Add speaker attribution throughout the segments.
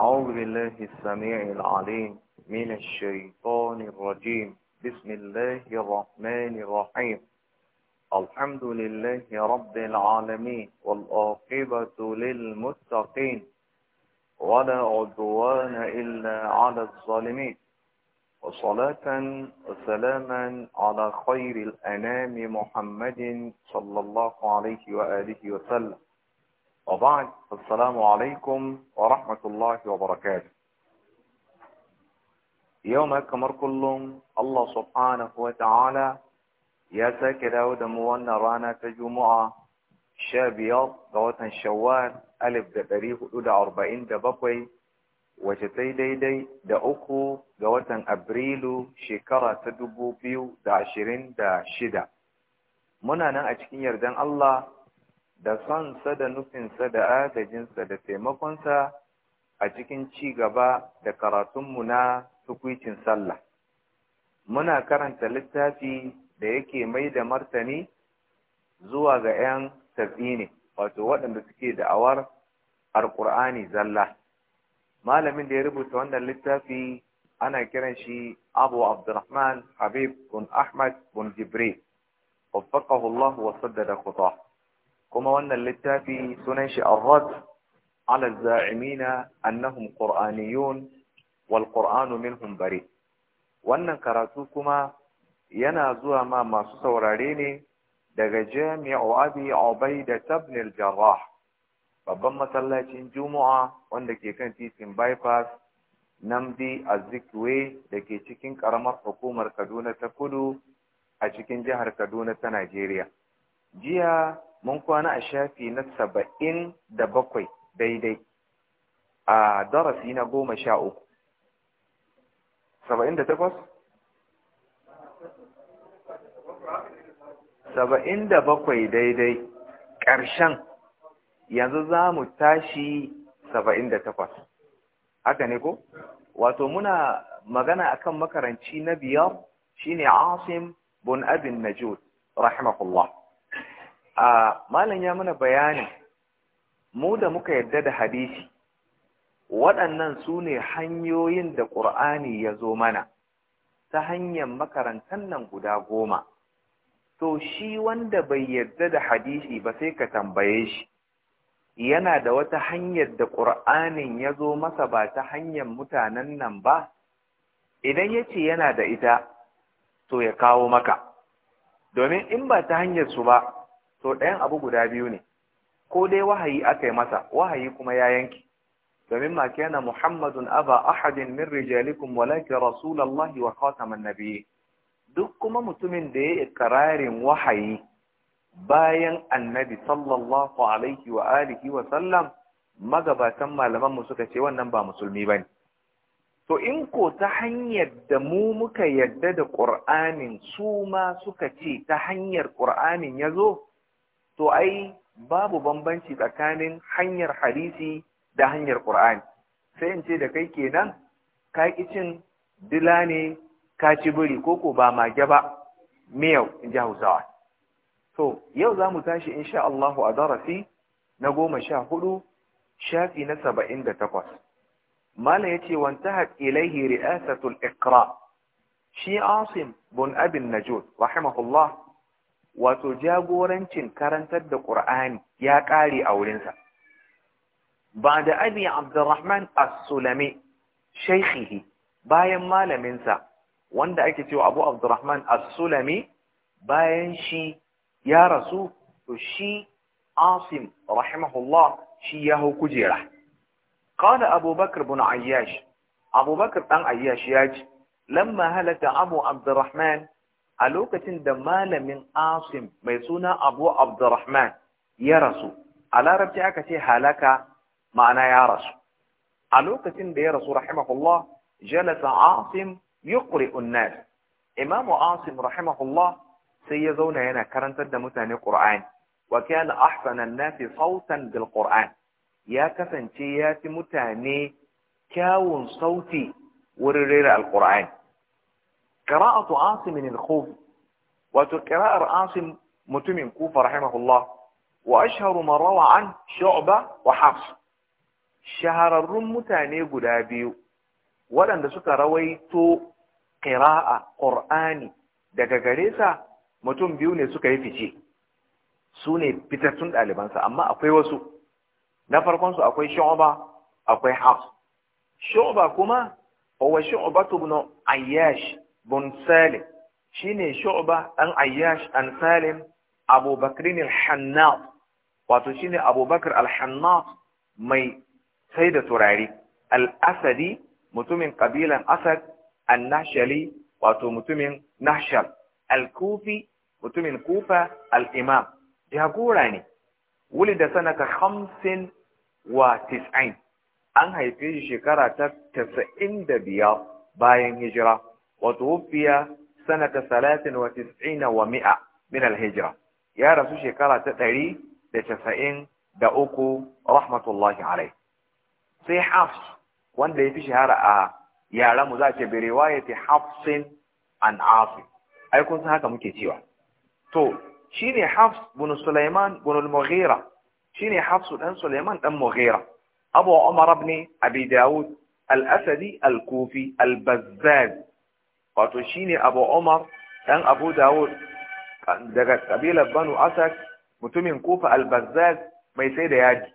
Speaker 1: أعوذ بالله السميع العليم من الشيطان الرجيم بسم الله الرحمن الرحيم الحمد لله رب العالمين والآقبة للمتقين ولا عدوان إلا على الظالمين وصلاة وسلاما على خير الأنام محمد صلى الله عليه وآله وسلم وبعد السلام عليكم ورحمة الله وبركاته يوم كمر كلهم الله سبحانه وتعالى يا ساكي داود موانا رانا تجمعة شابيات دوات شوال ألف دقريه أولى أربعين دبقوي wace sai daidai da uku ga watan Abrilu shekara ta dubu biyu da ashirin da shida. Muna nan a cikin yardan Allah da sonsa da nufinsa da agajinsa da taimakonsa a cikin ci gaba da karatunmu na tukwicin sallah. Muna karanta littafi da yake mai da martani zuwa ga ‘yan tafi ne, wato waɗanda suke da'awar Alƙur'ani zalla. Malamin da ya rubuta wannan littafi ana kiran shi Abu Abdurrahman Habib bin Ahmad bin Jibril. وفقه da وسدد خطاه kuma wannan littafi sunan shi arrad ala za'imina annahum qur'aniyun wal qur'anu minhum bari wannan karatu kuma yana zuwa ma masu saurare ne daga jami'u abi ubaida ibn al-jarrah babban masallacin juma'a wanda ke kan titin bypass namdi azikwe da ke cikin karamar hukumar kaduna ta kudu a cikin jihar kaduna ta najeriya jiya mun kwana a shafi na saba'in da bakwai daidai a darasi na goma sha uku saba'in da takwas saba'in da bakwai daidai ƙarshen yanzu za mu tashi saba'in da takwas haka ne ko wato muna magana akan makaranci na biyar shine asim bin abin najud rahimahullah a malam ya mana bayani, mu da muka yadda da hadisi waɗannan su ne hanyoyin da ƙur'ani ya zo mana ta hanyar makarantar nan guda goma to shi wanda bai yadda da hadisi ba sai ka tambaye shi yana da wata hanyar da ƙur'anin ya zo masa ba ta hanyar mutanen nan ba idan ya ce yana da ita to ya kawo maka domin in ba ta hanyar su ba to ɗayan abu guda biyu ne ko dai wahayi aka yi masa wahayi kuma ya yanki domin ma kana muhammadun aba ahadin min rijalikum walakin rasulullahi wa khataman nabiyyi duk kuma mutumin da ya ikrarin wahayi bayan annabi sallallahu alaihi wa alihi wa sallam magabatan malaman mu suka ce wannan ba musulmi bane to in ko ta hanyar da mu muka yadda da Qur'anin su ma suka ce ta hanyar Qur'anin yazo to ai babu bambanci tsakanin hanyar hadisi da hanyar ƙur'ani sai in ce da kai kenan ka ƙi cin dila ne ka ci biri ko ba mage ba miyau in ji Hausawa to yau za mu tashi sha Allahu a darasi na goma sha hudu shafi na saba'in da takwas mala ya ce wantahat ilaihi ri'asatul iqra shi asim bun abin najud rahimahullah wato jagorancin karantar da ƙur'ani ya ƙare a wurinsa ba da abi abdurrahman as-sulami shaykhihi bayan malaminsa wanda ake cewa abu abdurrahman as-sulami bayan shi ya rasu to shi asim rahimahullah shi ya hau kujera Kada abubakar ibn ayyash abubakar dan ayyash ya ce lamma halaka abu Abdulrahman. a lokacin da malamin asim mai suna abu abdurrahman ya rasu a larabci aka ce halaka ma'ana ya rasu a lokacin da ya rasu rahimahullah jalasa asim yuqri unnas imamu asim rahimahullah sai ya zauna yana karantar da mutane qur'ani wa kana ahsanan nasi sautan bil qur'an ya kasance ya fi mutane kyawun sauti wurin rera al alqur'ani qira'atu asim min al-khuf wato qira'ar asim mutumin kufa rahimahullah wa ashharu man rawa an shu'ba wa hafs shahararrun mutane guda biyu waɗanda suka rawaito qira'a ƙur'ani daga gare mutum biyu ne suka yi fice Sune ne fitattun ɗalibansa amma akwai wasu na farkonsu akwai shu'ba akwai hafs shu'ba kuma huwa shu'batu ibn ayyash Bunsali Salim shine Shu'ba an Ayyash an Salim Abu al-Hannat wato shine Abu Bakr al-Hannat mai sai da turari, al-Asadi mutumin kabilan Asad an wato mutumin Nashal al-Kufi mutumin Kufa al-Imam jagora ne sanaka sanata 95 wa 90 an haife shi shekara ta 95 bayan hijira wa tuwfiya sanata 93 wa mi'a min al-hijra ya rasu shekara ta ɗari da da uku rahmatullahi alai sai hafs wanda ya fi shahara a yara mu za ce bi riwayati hafsin an asim ai kun san haka muke cewa to shine hafs bin sulaiman bin al-mughira shine hafs dan sulaiman dan mughira abu umar ibn abi daud al-asadi al-kufi al-bazzaz wato shine Abu Umar dan Abu Dawud daga kabilar Banu Asad mutumin Kufa al mai sai da yaji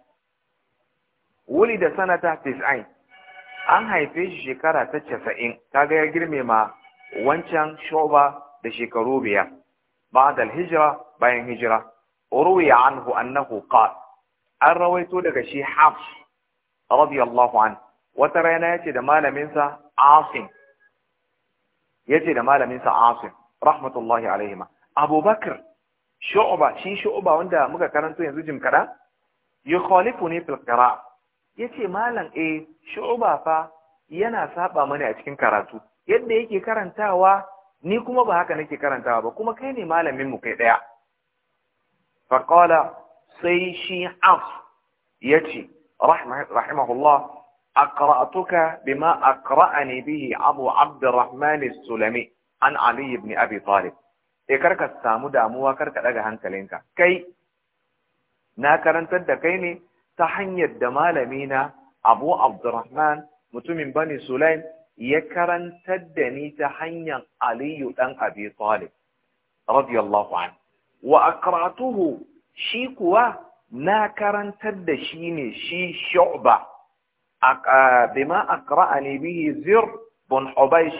Speaker 1: da sanata 90 an haife shi shekara ta 90 kaga ya girme ma wancan shoba da shekaru biyar ba'dal al-hijra bayan hijira ruwiya anhu annahu qala an rawaito daga shi Hafs radiyallahu anhu wata rana yace da malamin sa Asim yace da malaminsa sa Asim rahmatullahi alaihima Abubakar Shu'ba shi Shu'ba wanda muka karanto yanzu jim kada yukhalifuni fil qira yace malam eh Shu'ba fa yana saba mani a cikin karatu yadda yake karantawa ni kuma ba haka nake karantawa ba kuma kai ne malamin mu kai daya fa qala sai shi af yace rahimahullah أقرأتك بما أقرأني به أبو عبد الرحمن السلمي عن علي بن أبي طالب إكرك السامو دامو وكرك لغا هنكلينك كي ناكرن تدكيني تحني الدمال مينا أبو عبد الرحمن متمن بني سليم يكرن تدني تحني علي بن أبي طالب رضي الله عنه وأقرأته شيكوا ناكرن تدشيني شي شعبة بما أقرأني به زر بن حبيش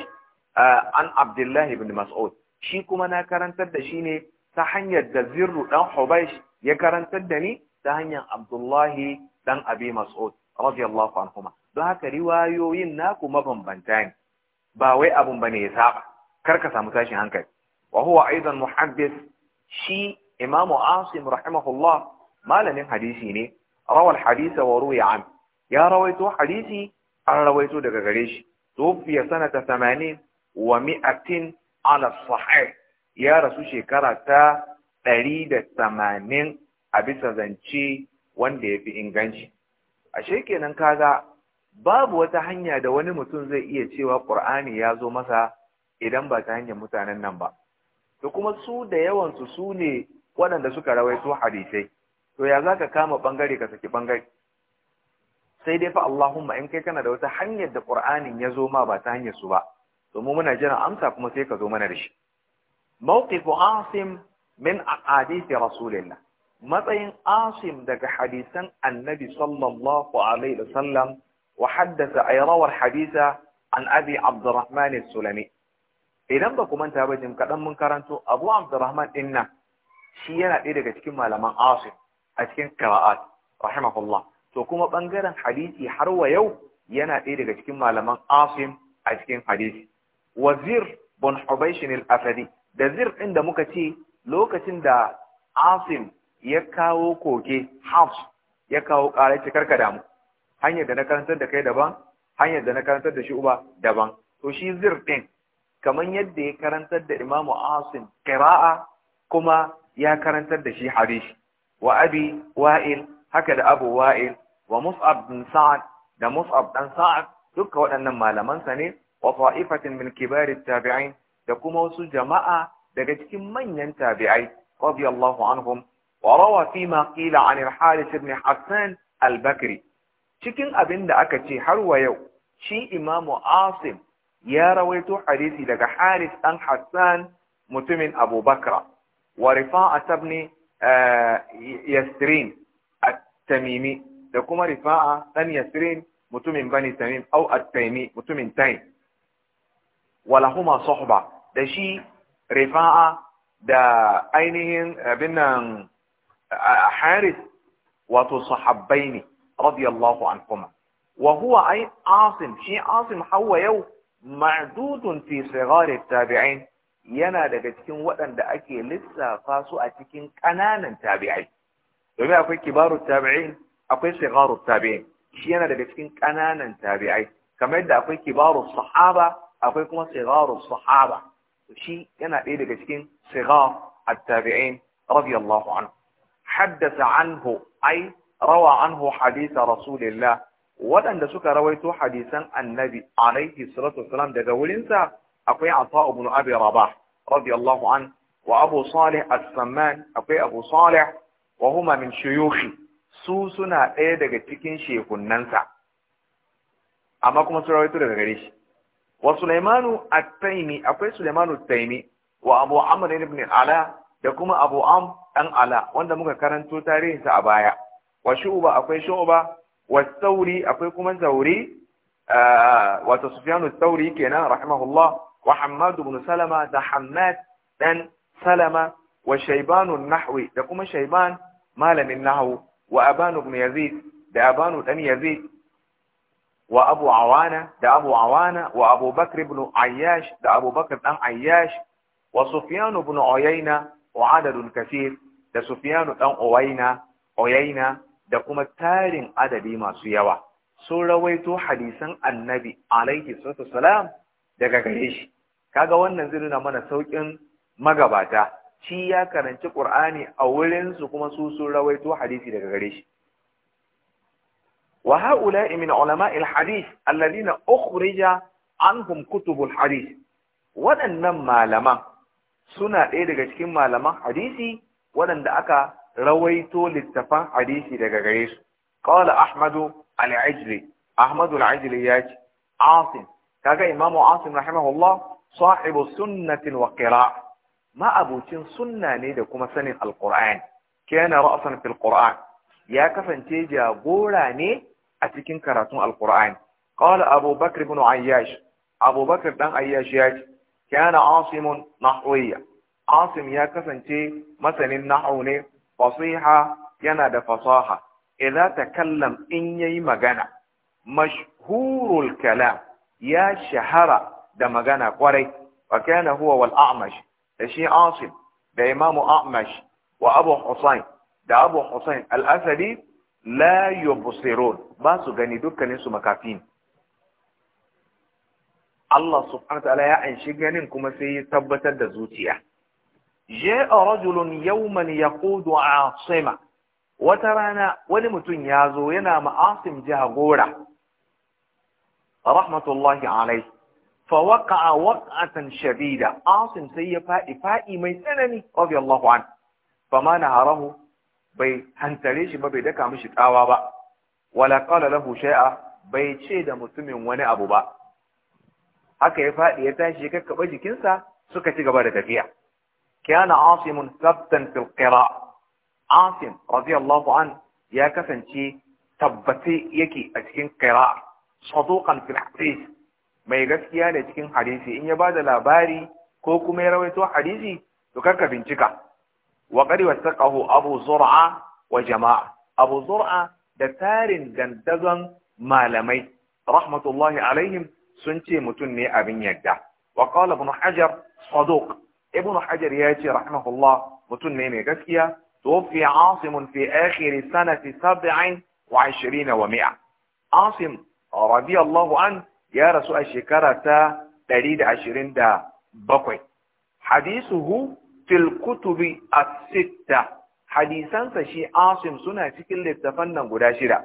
Speaker 1: عن عبد الله بن shi kuma na karantar da shi ne ta hanyar da zirru ɗan Hubaish ya karantar da ni ta hanyar Abdullahi ɗan Abi Mas'ud radiyallahu anhuma don haka riwayoyin naku mabambanta ne ba wai abun bane ya saba Karka samu tashin hankali wa aizan muhaddis shi Imam Asim rahimahullah malamin hadisi ne rawal hadisa wa ruwiya ya rawaito hadisi an rawaito daga gare shi tufiya sanata 80 wa mi'atin ala sahih ya rasu shekara ta ɗari 180 a bisa zance wanda ya fi inganci ashe kenan kaga babu wata hanya da wani mutum zai iya cewa qur'ani ya zo masa idan ba ta hanyar mutanen nan ba to kuma su da yawansu su ne waɗanda suka rawaito hadisai to ya za ka kama ɓangare ka saki ɓangare sai dai fa Allahumma in kai kana da wata hanyar da Qur'anin ya zo ma ba ta hanyar su ba to mu muna jiran amsa kuma sai ka zo mana da shi mawqifu asim min ahadith rasulillah matsayin asim daga hadisan annabi sallallahu alaihi wasallam wa haddatha ay rawar haditha an abi abdurrahman as-sulami idan ba kuma manta ba jim kadan mun karanto abu abdurrahman dinnan shi yana ɗaya daga cikin malaman asim a cikin qira'at rahimahullah to kuma ɓangaren hadisi har wa yau yana ɗaya daga cikin malaman asim a cikin hadisi wazir bin hubaishin al-asadi da zir ɗin da muka ce lokacin da asim ya kawo koke hafs ya kawo ƙarar cikar ka damu hanyar da na karantar da kai daban hanyar da na karantar da shi uba daban to shi zir ɗin kamar yadda ya karantar da imamu asim kira'a kuma ya karantar da shi hadisi wa abi wa'il haka da abu wa'il wa Mus'ab bin Sa'ad da Mus'ab dan Sa'ad duka waɗannan malamansa ne wa ta'ifatin min kibari tabi'in da kuma wasu jama'a daga cikin manyan tabi'ai radiyallahu anhum wa rawa fi ma qila an al-Harith ibn Hassan al-Bakri cikin abin da aka ce har wa yau shi Imam Asim ya rawaito hadisi daga Harith dan Hassan mutumin Abu Bakra wa Rifa'a ibn eh, Yasrin at-Tamimi da kuma rifa'a dan yasrin mutumin bani tamim au at-taimi mutumin Wala walahuma sohba da shi rifa'a da ainihin abin nan haris wato sahabbai ne radiyallahu anhuma wa huwa ai asim shi asim hawa yau ma'dudun fi sigari tabi'in yana daga cikin waɗanda ake lissafa su a cikin ƙananan tabi'ai domin akwai kibaru tabi'in akwai sigaru tabi'in shi yana daga cikin kananan tabi'ai kamar yadda akwai kibaru sahaba akwai kuma sigaru sahaba shi yana ɗaya daga cikin sigar at-tabi'in radiyallahu anhu haddatha anhu ai rawa anhu hadisa rasulillah wadanda suka rawaito hadisan annabi alaihi salatu wasalam daga wurin sa akwai asa ibn abi rabah radiyallahu anhu wa abu salih as-samman akwai abu salih wa huma min shuyukhi su suna ɗaya daga cikin shekunnansa amma kuma sun rawaito daga gare shi wa Sulaimanu at-Taimi akwai Sulaimanu at-Taimi wa Abu Amr ibn Ala da kuma Abu Am dan Ala wanda muka karanto tarihinsa a baya wa Shu'ba akwai Shu'ba wa sauri akwai kuma Thauri ah, wato Sufyan al kenan rahimahullah wa Hammad ibn Salama da Hammad dan Salama wa Shayban an-Nahwi da kuma Shayban malamin nahwu wa abanu ibn yazid da abanu dan yazid wa abu awana da abu awana wa abu bakr ibn ayyash da abu bakr dan ayyash wa sufyan ibn uyayna wa adadun kathir da sufyan dan Owaina uyayna da kuma tarin adadi masu yawa sun rawaito hadisan annabi alaihi salatu daga gare shi kaga wannan zai nuna mana saukin magabata shi ya karanci qur'ani a wurinsu kuma su sun rawaito hadisi daga gare shi wa haula'i min ulama'il hadith alladhina ukhrija anhum kutubul hadith waɗannan malaman suna ɗaya daga cikin malaman hadisi waɗanda aka rawaito littafan hadisi daga gare su qala ahmadu al-ajli ahmadu al-ajli ya ce asim kaga imamu asim rahimahullah sahibu sunnatin wa qira' ma'abocin sunna ne da kuma sanin alqur'ani Kena ra'san fil qur'an ya kasance jagora ne a cikin karatun alƙur'ani qala abu bakr ibn ayyash abu bakr dan ayyash ya ce kana asim nahwiyya asim ya kasance masanin nahwu ne fasiha yana da fasaha idza takallam in yayi magana mashhurul kalam ya shahara da magana kwarai wa kana huwa wal a'mash da shi asim da imamu amash wa abu husayn da abu husayn al-asadi la yubsirun ba su gani dukkanin su makafi Allah subhanahu wa ta'ala ya anshi ganin kuma sai ya tabbatar da zuciya ja'a rajulun yawman yaqudu asima wata rana wani mutum ya zo yana ma'asim jagora rahmatullahi alaihi فوقع وقعة شديدة عاصم سيفا إفائي من سنني رضي الله عنه فما نهره بي هنتليش ببي دكا مشت آوابا ولا قال له شيئا بي تشيد مسلم wani أبو با haka ya faɗi ya tashi ya kakkaɓa jikinsa suka ci gaba da tafiya kana asim sabtan fil qira asim ya kasance tabbace yake a cikin qira saduqan fil mai gaskiya ne cikin hadisi in ya ba da labari ko kuma ya rawaito hadisi to karka bincika wa qad wasaqahu abu zur'a wa jama'a abu zur'a da tarin dandazon malamai rahmatullahi alaihim sun ce mutum ne abin yadda wa qala ibn hajar saduq ibn hajar ya ce rahmatullah mutum ne mai gaskiya توفي fi في آخر سنة سبع وعشرين wa عاصم Asim الله عنه ya rasu a shekara ta 127 hadisuhu fil kutubi as-sitta hadisansa shi asim suna cikin littafan nan guda shida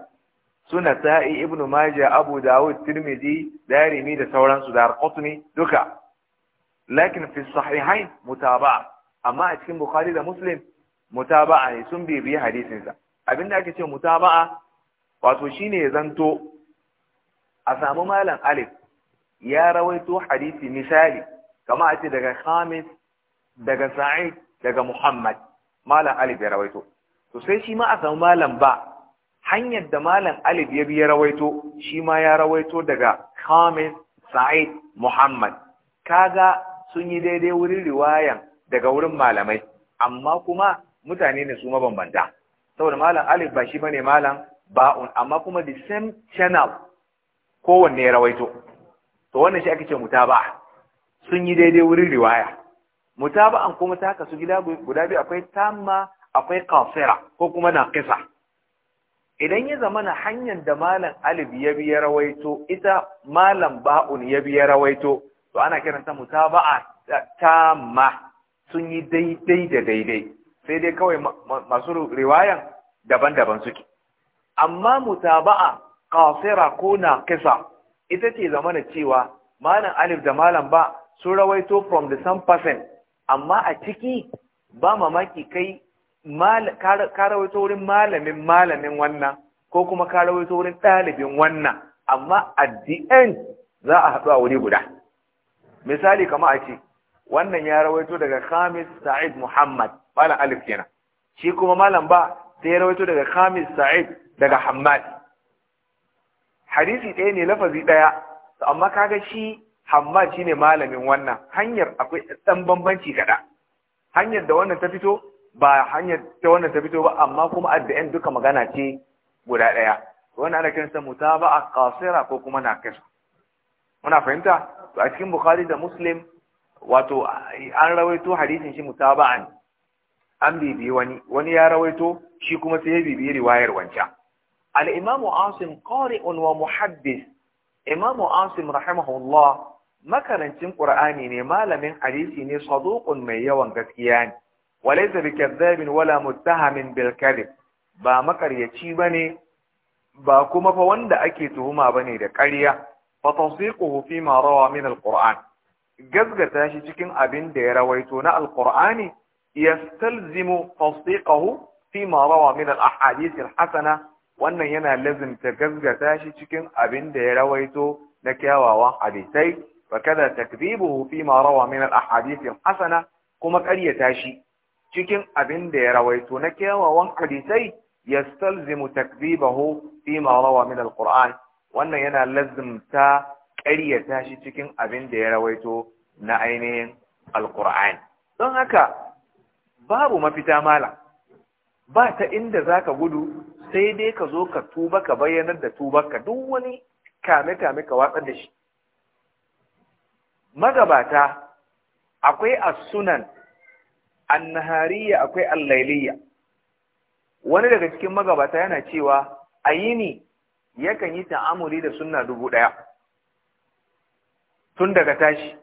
Speaker 1: suna sa'i ibn majah abu dawud tirmidhi darimi da sauransu da al duka lakin fi sahihain mutaba'a amma a cikin bukhari da muslim mutaba'a ne sun bibiyi hadisinsa abinda ake ce mutaba'a wato shine ya zanto a samu malam alif ya rawaito hadisi misali kama a ce daga khamis daga sa'id daga muhammad malam alif ya rawaito to sai shi ma a samu malam ba hanyar da malam alif ya bi ya rawaito shi ma ya rawaito daga khamis sa'id muhammad kaga sun yi daidai wurin riwayan daga wurin malamai amma kuma mutane ne su mabambanta saboda malam alif ba shi bane malam ba'un amma kuma the same channel kowanne ya rawaito to wannan shi ake ce mutaba sun yi daidai wurin riwaya mutaba'an kuma ta haka su gida guda biyu akwai tamma akwai kafira ko kuma naqisa idan ya zama na hanyar da malam alif ya ya rawaito ita malam ba'un ya biya rawaito to ana kiranta mutaba'a tamma sun yi daidai da daidai sai dai kawai masu riwayan daban-daban suke amma mutaba'a qasira ko naqisa ita ce zama da cewa malam alif da malam ba su rawaito from the same person amma a ciki ba mamaki kai ka rawaito wurin malamin malamin wannan ko kuma ka rawaito wurin ɗalibin wannan amma at the end za a haɗu a wuri guda misali kama a ce wannan ya rawaito daga Khamis Sa'id Muhammad malam alif kenan shi kuma malam ba sai ya rawaito daga Khamis Sa'id daga Hammad hadisi ɗaya ne lafazi ɗaya to amma kaga shi hamma shine malamin wannan hanyar akwai ɗan bambanci kaɗan hanyar da wannan ta fito ba hanyar ta wannan ta fito ba amma kuma addu'an duka magana ce guda ɗaya wannan ana kiransa mutaba'a qasira ko kuma naqis muna fahimta to a cikin bukhari da muslim wato an rawaito hadisin shi mutaba'an an bibiyi wani wani ya rawaito shi kuma sai ya bibiyi riwayar wancan al'imamu asim ƙari'un wa muhaddis Imam asim rahimahullah makarancin ƙur'ani ne malamin hadisi ne saduqun mai yawan gaskiya ne walaysa bikazzabin wala muttahamin bil ba makaryaci bane ba kuma fa wanda ake tuhuma ba ne da karya, fa tasdiquhu fi ma rawa min al qur'an gazgata shi cikin abin da ya rawaito na al qur'ani yastalzimu tasdiquhu fi ma rawa min al ahadith al hasana wannan yana lazimta gaskata shi cikin abin da ya rawaito na kyawawan hadisai fa kada takdhibuhu fi ma rawa min al ahadith hasana kuma ƙaryata shi cikin abin da ya rawaito na kyawawan hadisai yastalzimu takdhibahu fi ma rawa min al qur'an wannan yana lazimta ƙaryata shi cikin abin da ya rawaito na ainihin al qur'an don haka babu mafita malam ba ta inda za ka gudu sai dai ka zo ka tuba ka bayyanar da tubarka duk wani kame-kame ka watsar da shi magabata akwai a sunan annahariya akwai al-lailiya wani daga cikin magabata yana cewa a yini yakan yi ta'amuli da suna dubu ɗaya tun daga tashi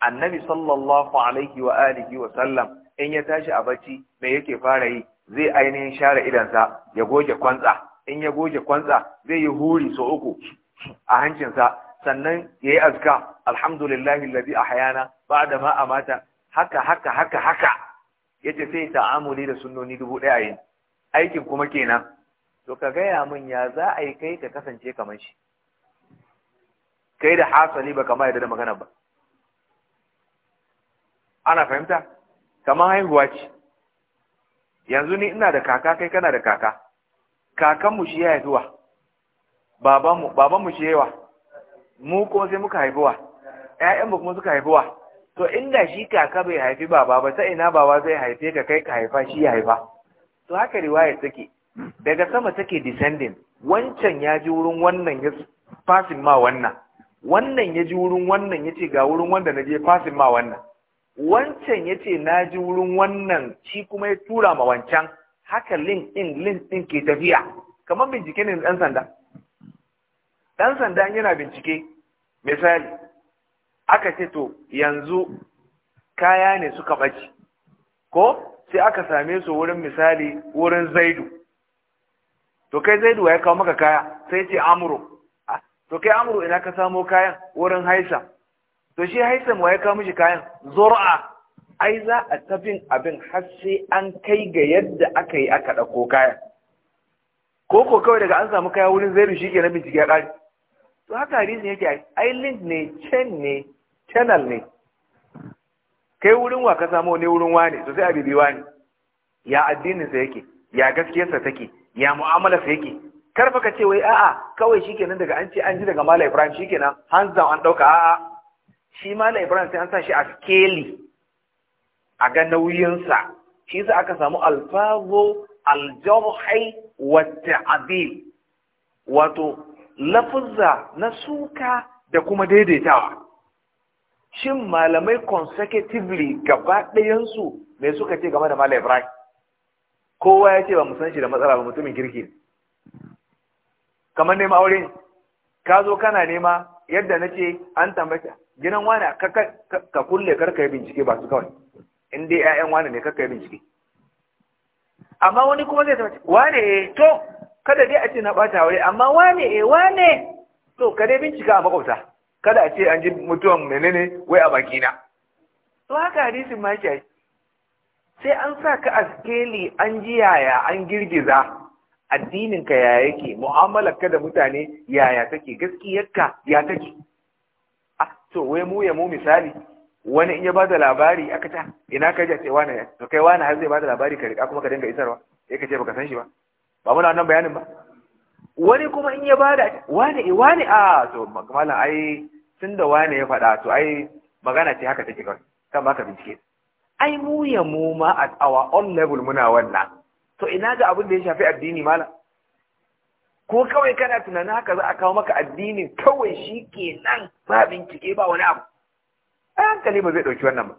Speaker 1: annabi sallallahu alaihi wa alihi wa sallam in ya tashi a bacci mai yake fara yi zai ainihin share idansa ya goge kwantsa in ya goge kwantsa zai yi huri so uku a hancinsa sannan ya yi azka alhamdulillahi lazi a hayana ba da ma a mata haka haka haka haka ya ce sai ta'amuli da sunnoni dubu ɗaya yin aikin kuma kenan to ka gaya min ya za a yi kai ka kasance kamar shi kai da hasali ba kama yadda da magana ba ana fahimta kamar haihuwa ce yanzu ni ina da kaka kai kana da kaka kakanmu shi ya haifuwa babanmu babanmu shi yawa mu ko sai muka haifuwa ƴaƴanmu kuma suka haifuwa to inda shi kaka bai haifi baba ba sai ina baba zai haife ka kai ka haifa shi ya haifa to haka riwaya take daga sama take descending wancan ya ji wurin wannan ya fasin ma wannan wannan ya ji wurin wannan ya ce ga wurin wanda na je fasin ma wannan wancan ya ce na ji wurin wannan shi kuma ya tura ma wancan haka link ɗin link ɗin ke tafiya kamar bincike ne ɗan sanda ɗan sanda yana bincike misali aka ce to yanzu kaya ne suka ɓaci ko sai aka same su wurin misali wurin zaidu to kai zaidu ya kawo maka kaya sai ce amuro ah, to kai amuro ina ka samo kayan wurin haisa to shi haisan wa ya kawo mishi kayan zur'a ai za a tafin abin har sai an kai ga yadda aka yi aka ɗauko kayan ko ko kawai daga an samu kaya wurin zairu shi ke na bincike ya ƙari to haka ne yake ai link ne chain ne channel ne kai wurin wa ka samu ne wurin wane to sai a bibi wane ya sa yake ya gaskiyarsa take ya sa yake karfa ka ce wai a'a kawai shikenan daga an ce an ji daga malai ibrahim shikenan hands down an ɗauka a'a shi malam ibrahim sai an sa shi a skeli a ga nauyinsa shi sa aka samu alfazo aljarhai wata ta'dil wato lafuzza na suka da kuma daidaitawa shin malamai consecutively gaba ɗayansu mai suka ce game da malam ibrahim kowa ya ce ba mu san shi da matsala ba mutumin kirki kamar neman aure ka zo kana nema yadda na ce an tambaya. gidan wani ka kulle karka yi bincike ba su kawai in dai 'ya'yan wani ne karka yi bincike amma wani kuma zai tafi wane e, to kada dai a ce na bata aure amma wane e, wane to ka dai bincika a makwabta kada a ce an ji mutuwan menene wai a bakina to haka hadisin ma yake sai an sa ka a skeli an ji yaya an girgiza Addinin ka yaya yake ka da mutane yaya take gaskiyarka ya take ah to wai mu ya mu misali wani in ya ba da labari aka ta ina ka jace wani ya to kai wani har zai ba da labari ka riƙa kuma ka dinga isarwa sai ka ce baka san shi ba ba muna wannan bayanin ba wani kuma in ya ba da wani eh, wani a to malam ai tun da wani ya faɗa to ai magana ce haka take kawai kan ba ka bincike ai mu ya mu ma at our own level muna wannan to ina ga abin da ya shafi addini malam ko kawai kana tunanin haka za a kawo maka addini kawai shi ke nan ba bincike ba wani abu a hankali ba zai ɗauki wannan ba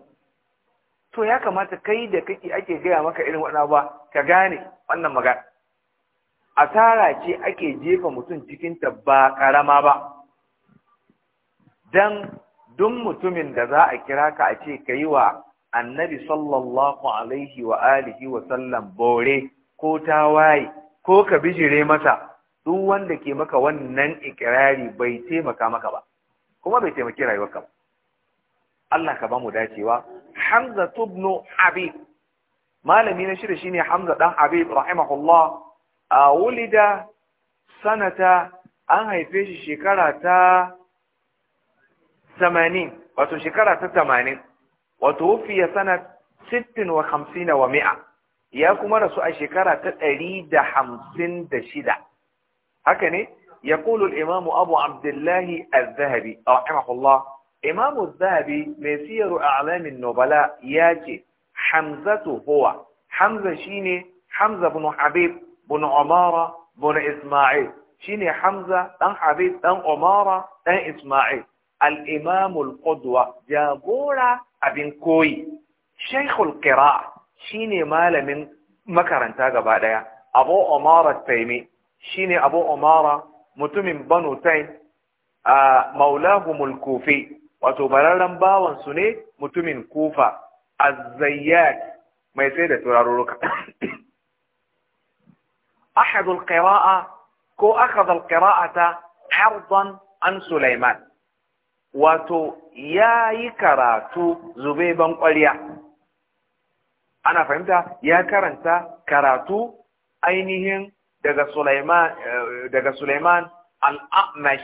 Speaker 1: to ya kamata kai da kake ake gaya maka irin wannan ba ka gane wannan magana asara ce ake jefa mutum cikin ta ba karama ba dan duk mutumin da za a kira ka a ce ka yi wa annabi sallallahu alaihi wa alihi wa sallam bore ko tawaye ko ka bijire masa duk wanda ke maka wannan ikirari bai taimaka maka ba kuma bai taimaki rayuwarka ba Allah ka bamu dacewa Hamza ibn Habib malami na shida shine Hamza dan Habib rahimahullah a wulida sanata an haife shi shekara ta 80 wato shekara ta 80 wato wufiya sanat 60 wa 50 wa 100 ya kuma rasu a shekara ta 156 هكذا يقول الإمام أبو عبد الله الذهبي رحمه الله إمام الذهبي مسير أعلام النبلاء ياتي حمزة هو حمزة شيني حمزة بن حبيب بن عمارة بن إسماعيل شيني حمزة بن حبيب بن عمارة بن إسماعيل الإمام القدوة جابورا أبن كوي شيخ القراءة شيني مال من مكرن بعدها أبو عمارة تيمي shine abu umara mutumin banu a maulahumul kufi wato bararren bawan su ne mutumin kufa azzayyat mai sai da turaruruka ahadul qira'a ko akhadul qira'ata harban an sulaiman wato yayi karatu zubeban ƙwariya ana fahimta ya karanta karatu ainihin daga Sulaiman eh, daga Sulaiman al-A'mash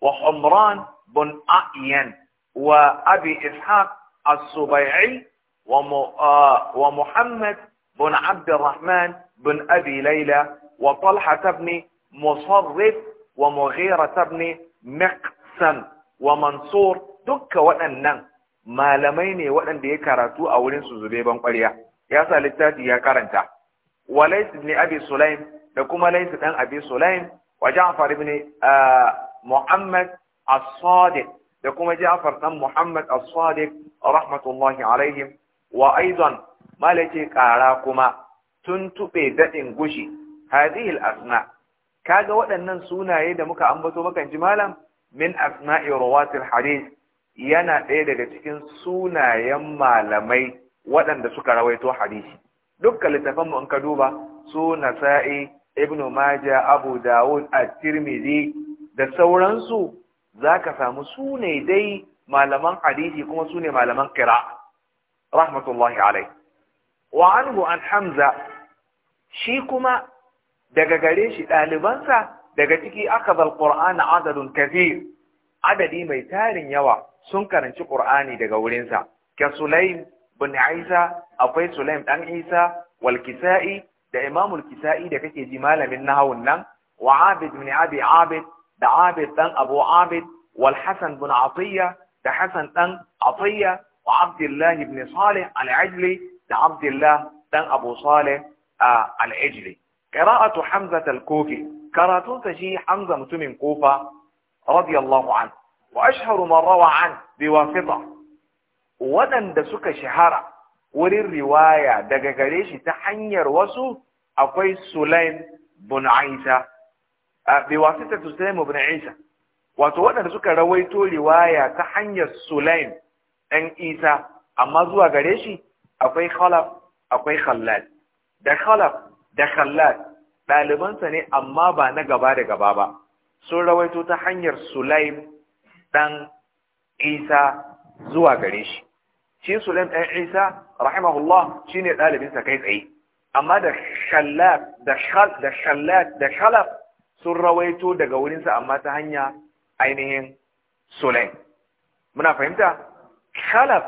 Speaker 1: wa Umran bin A'yan wa Abi Ishaq as-Subai'i eh, wa Muhammad bin Abd rahman bin Abi Layla wa Talha ibn Musarrif wa Mughira ibn Miqsan wa Mansur dukka waɗannan malamai ne waɗanda ya karatu a wurin su zube ban ƙwarya ya sa littafi ya karanta walais ibn abi sulaim da kuma laysu dan abi sulaim wa ja'far ibn ah, muhammad as-sadiq da kuma ja'far dan muhammad as-sadiq rahmatullahi alaihim wa aidan malaki kara kuma tuntube dadin gushi hadhihi al-asma kaga waɗannan sunaye da muka ambato maka ji malam min asma'i rawatil hadith yana ɗaya daga cikin sunayen malamai waɗanda suka rawaito hadisi dukkan littafanmu in ka duba su nasa'i Ibn maja abu dawud at-tirmidhi da sauransu zaka samu ne dai malaman hadisi kuma sune malaman Kira. rahmatullahi alai. wa anhu an hamza shi kuma daga gare shi ɗalibansa daga ciki aka zal qur'ana adadun kafir. adadi mai tarin yawa sun karanci qur'ani daga wurinsa ka sulaim bin isa akwai sulaim dan isa wal kisa'i da imamul kisa'i da kake ji malamin nahawun nan wa abid min abi abid da abid dan abu abid wal hasan bin atiya da hasan dan atiya wa abdullah ibn salih al-ajli da abdullah dan abu salih al-ajli qira'atu hamza al-kufi karatu ta shi hamza mutumin kufa radiyallahu anhu wa ashharu man rawa an biwasita wadanda suka shahara wurin riwaya daga gare shi ta hanyar wasu akwai Sulaim bin Isa bi wasita Sulaim bin Isa wato waɗanda suka rawaito riwaya ta hanyar Sulaim ɗan Isa amma zuwa gare shi akwai Khalaf akwai Khallad da Khalaf da Khallad ɗalibansa ne amma ba na gaba da gaba ba sun rawaito ta hanyar Sulaim ɗan Isa zuwa gare shi شين سلام إيه، عيسى رحمه الله شين قال بنت كيف ايه اما دا شلاب دا شل دا شلات ده شلف دا ده قولين اما تهنيا اينهين سليم منا فهمت خلف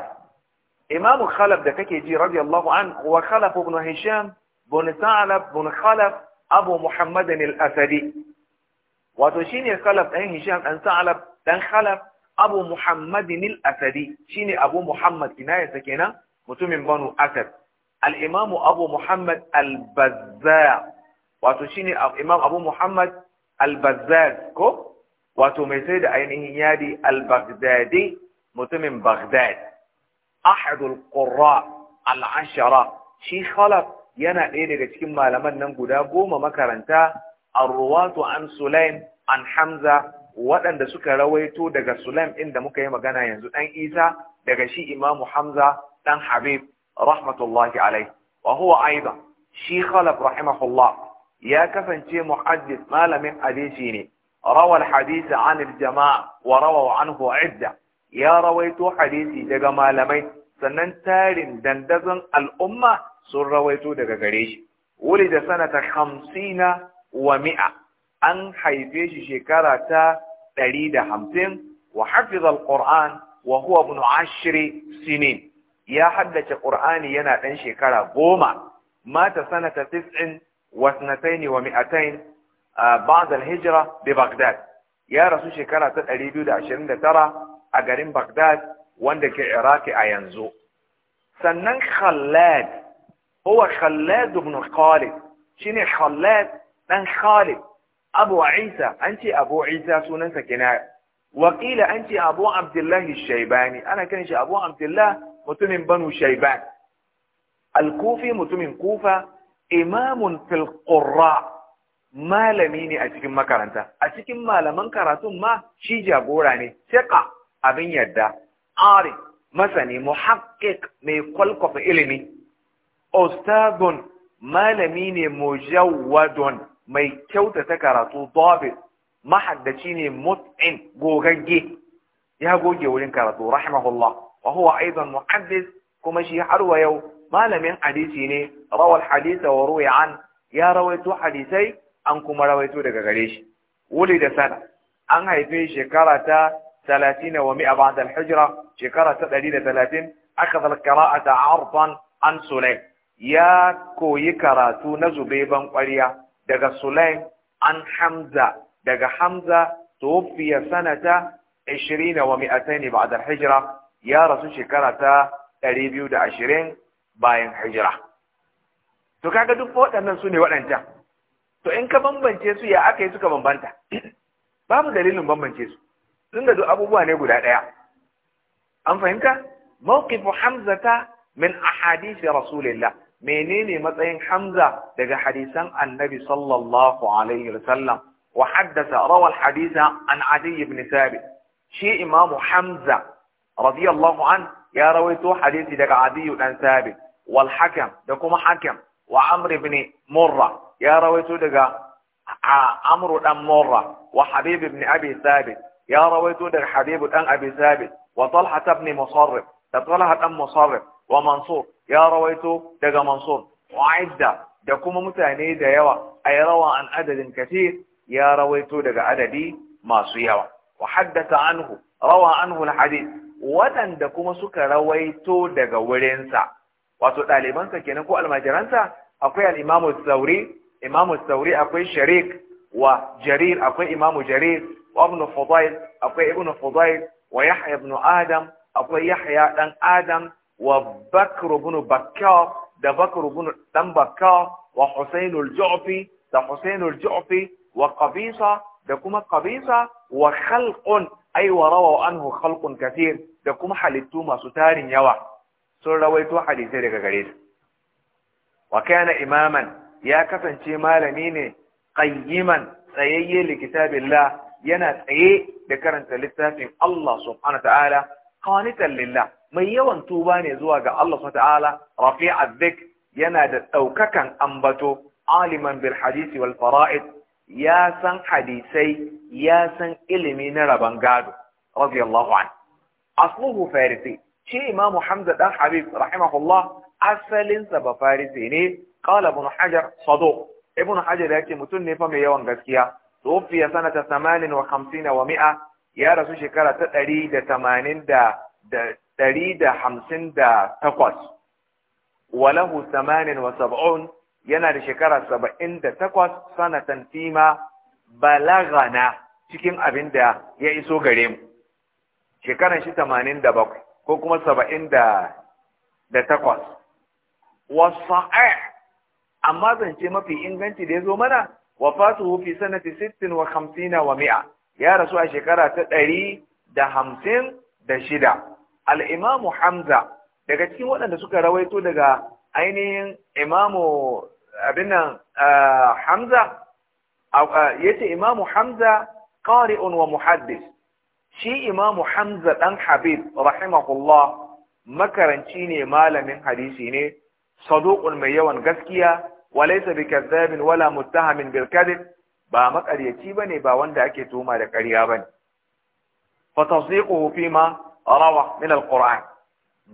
Speaker 1: امام خلف دا كيف يجي رضي الله عنه هو خلف ابن هشام بن ثعلب بن خلف ابو محمد الاسدي واتو شين خلف ان إيه، هشام ان ثعلب ده خلف abu muhammadin al-asadi shine abu muhammad kinayarsa kenan mutumin banu asad al abu muhammad al wato shine imam abu muhammad al ko wato mai sai da ainihin yadi al-baghdadi mutumin baghdad ahadul qurra al-ashara shi khalaf yana ɗaya daga cikin malaman nan guda goma makaranta an ruwatu an sulaim an hamza waɗanda suka rawaito daga Sulaim ɗin da muka yi magana yanzu ɗan Isa daga shi Imamu Hamza ɗan Habib rahmatullahi alai wa huwa aidan shi Khalaf rahimahullah ya kasance muhaddis malamin hadisi ne rawa al-hadith an jamaa wa rawa anhu idda ya rawaito hadisi daga malamai sannan tarin dandazon al'umma sun rawaito daga gare shi sanata سنة wa mi'a. an haife shi shekara ta ɗari da hamsin wa hafiz al wa huwa ibn ashri sinin ya haddace Qur'ani yana ɗan shekara goma mata sanata tis'in wa sanataini wa mi'atain ba'da al-hijra bi Baghdad ya rasu shekara ta 229 a garin Baghdad wanda ke Iraki a yanzu sannan Khallad huwa Khallad ibn Khalid shine Khallad dan Khalid أبو عيسى أنت أبو عيسى سننسى كنا وقيل أنت أبو عبد الله الشيباني أنا كان أبو عبد الله متمن بنو شيبان الكوفي متمن كوفة إمام في القراء ما لميني أتكم ما كرنتا أتكم ما لمن كرتم ما شي جابوراني ثقة أبن يدا عارف مثلا محقق من قلقه في إلمي أستاذ ما لميني مجود mai kyautata karatu dabit mahaddaci ne mut'in gogagge ya goge wurin karatu rahimahullah wa huwa aidan muhaddis kuma shi har wa yau malamin hadisi ne rawal hadisa wa ruwi an ya rawaito hadisai an kuma rawaito daga gare shi wuli da sana an haife shekara ta 30 wa mi'a ba'da al-hijra shekara ta 130 akhadha al-qira'ata 'arfan an sulaym ya koyi karatu na zubeban ƙwariya daga Sulaim an Hamza daga Hamza tuwfiya sanata 20 wa 200 ba'da hijira ya rasu shekara ta 220 bayan hijira to kaga duk waɗannan su ne waɗanta. to in ka bambance su ya aka yi suka bambanta babu dalilin bambance su tun da abubuwa ne guda ɗaya an fahimta mawqifu hamzata min ahadisi rasulillah menene matsayin hamza daga hadisan annabi sallallahu alaihi wasallam wa haddatha rawa haditha an adi ibn thabit shi imamu hamza radiyallahu an ya rawaito hadisi daga adi ibn thabit wal Hakim da kuma Hakim wa amr ibn murra ya rawaito daga amr dan murra wa habib ibn abi thabit ya rawaito daga habib dan abi thabit wa Talha ibn Musarrif da Talha طلحة Musarrif wa Mansur ya rawaito daga mansur wa'idda da kuma mutane da yawa ay rawa an adadin kathir ya rawaito daga adadi masu yawa wa anhu rawa anhu alhadith wadanda kuma suka rawaito daga wurinsa wato dalibansa kenan ko almajiransa akwai alimamu sauri, al imamu akwai sharik wa jarir akwai imamu jarir wa ibn fudayl akwai ibn fudayl wa yahya ibn adam akwai yahya dan adam وبكر بن بكاء ده بكر بن تم بكاء وحسين الجعفي ده حسين الجعفي وقبيصة ده كما قبيصة وخلق أي وروا عنه خلق كثير ده كما حلتو ما ستار يوا سورة رويتو حديثة لك قريب وكان إماما يا كفن شيما لمين قيما سيئي لكتاب الله ينا سيئي ذكرا لكتاب الله سبحانه وتعالى qanitan lillah mai yawan tuba ne zuwa ga Allah ta'ala rafi'ad dhik yana da daukakan ambato aliman bil hadisi wal fara'id ya san hadisai ya san ilimi na raban gado radiyallahu anhu asluhu farisi shi imamu hamza dan habib rahimahullah asalin sa ba farisi ne qala ibn hajar saduq ibn hajar yake mutum ne fa mai yawan gaskiya توفي sanata ثمان wa ومئة ya rasu shekara ta ɗari da tamanin da ɗari da hamsin da takwas walahu samanin wa sab'un yana da shekara saba'in da takwas sanatan fima balagana cikin abin da ya iso gare mu shekaran shi tamanin da bakwai ko kuma saba'in da takwas wasu amma zance mafi inganci da ya zo mana wafatuhu fi sanati sittin wa hamsin wa mi'a ya rasu a shekara ta ɗari da hamsin da shida al'imamu hamza daga cikin waɗanda suka rawaito daga ainihin imamu abinan hamza ya ce imamu hamza ƙari'un wa muhaddis shi imamu hamza ɗan habib rahimahullah makaranci ne malamin hadisi ne saduqun mai yawan gaskiya bi kazzabin wala muttahamin bil kadhib ba makaryaci ne ba wanda ake tuma da ƙarya bane fa tasdiquhu fima rawa min alquran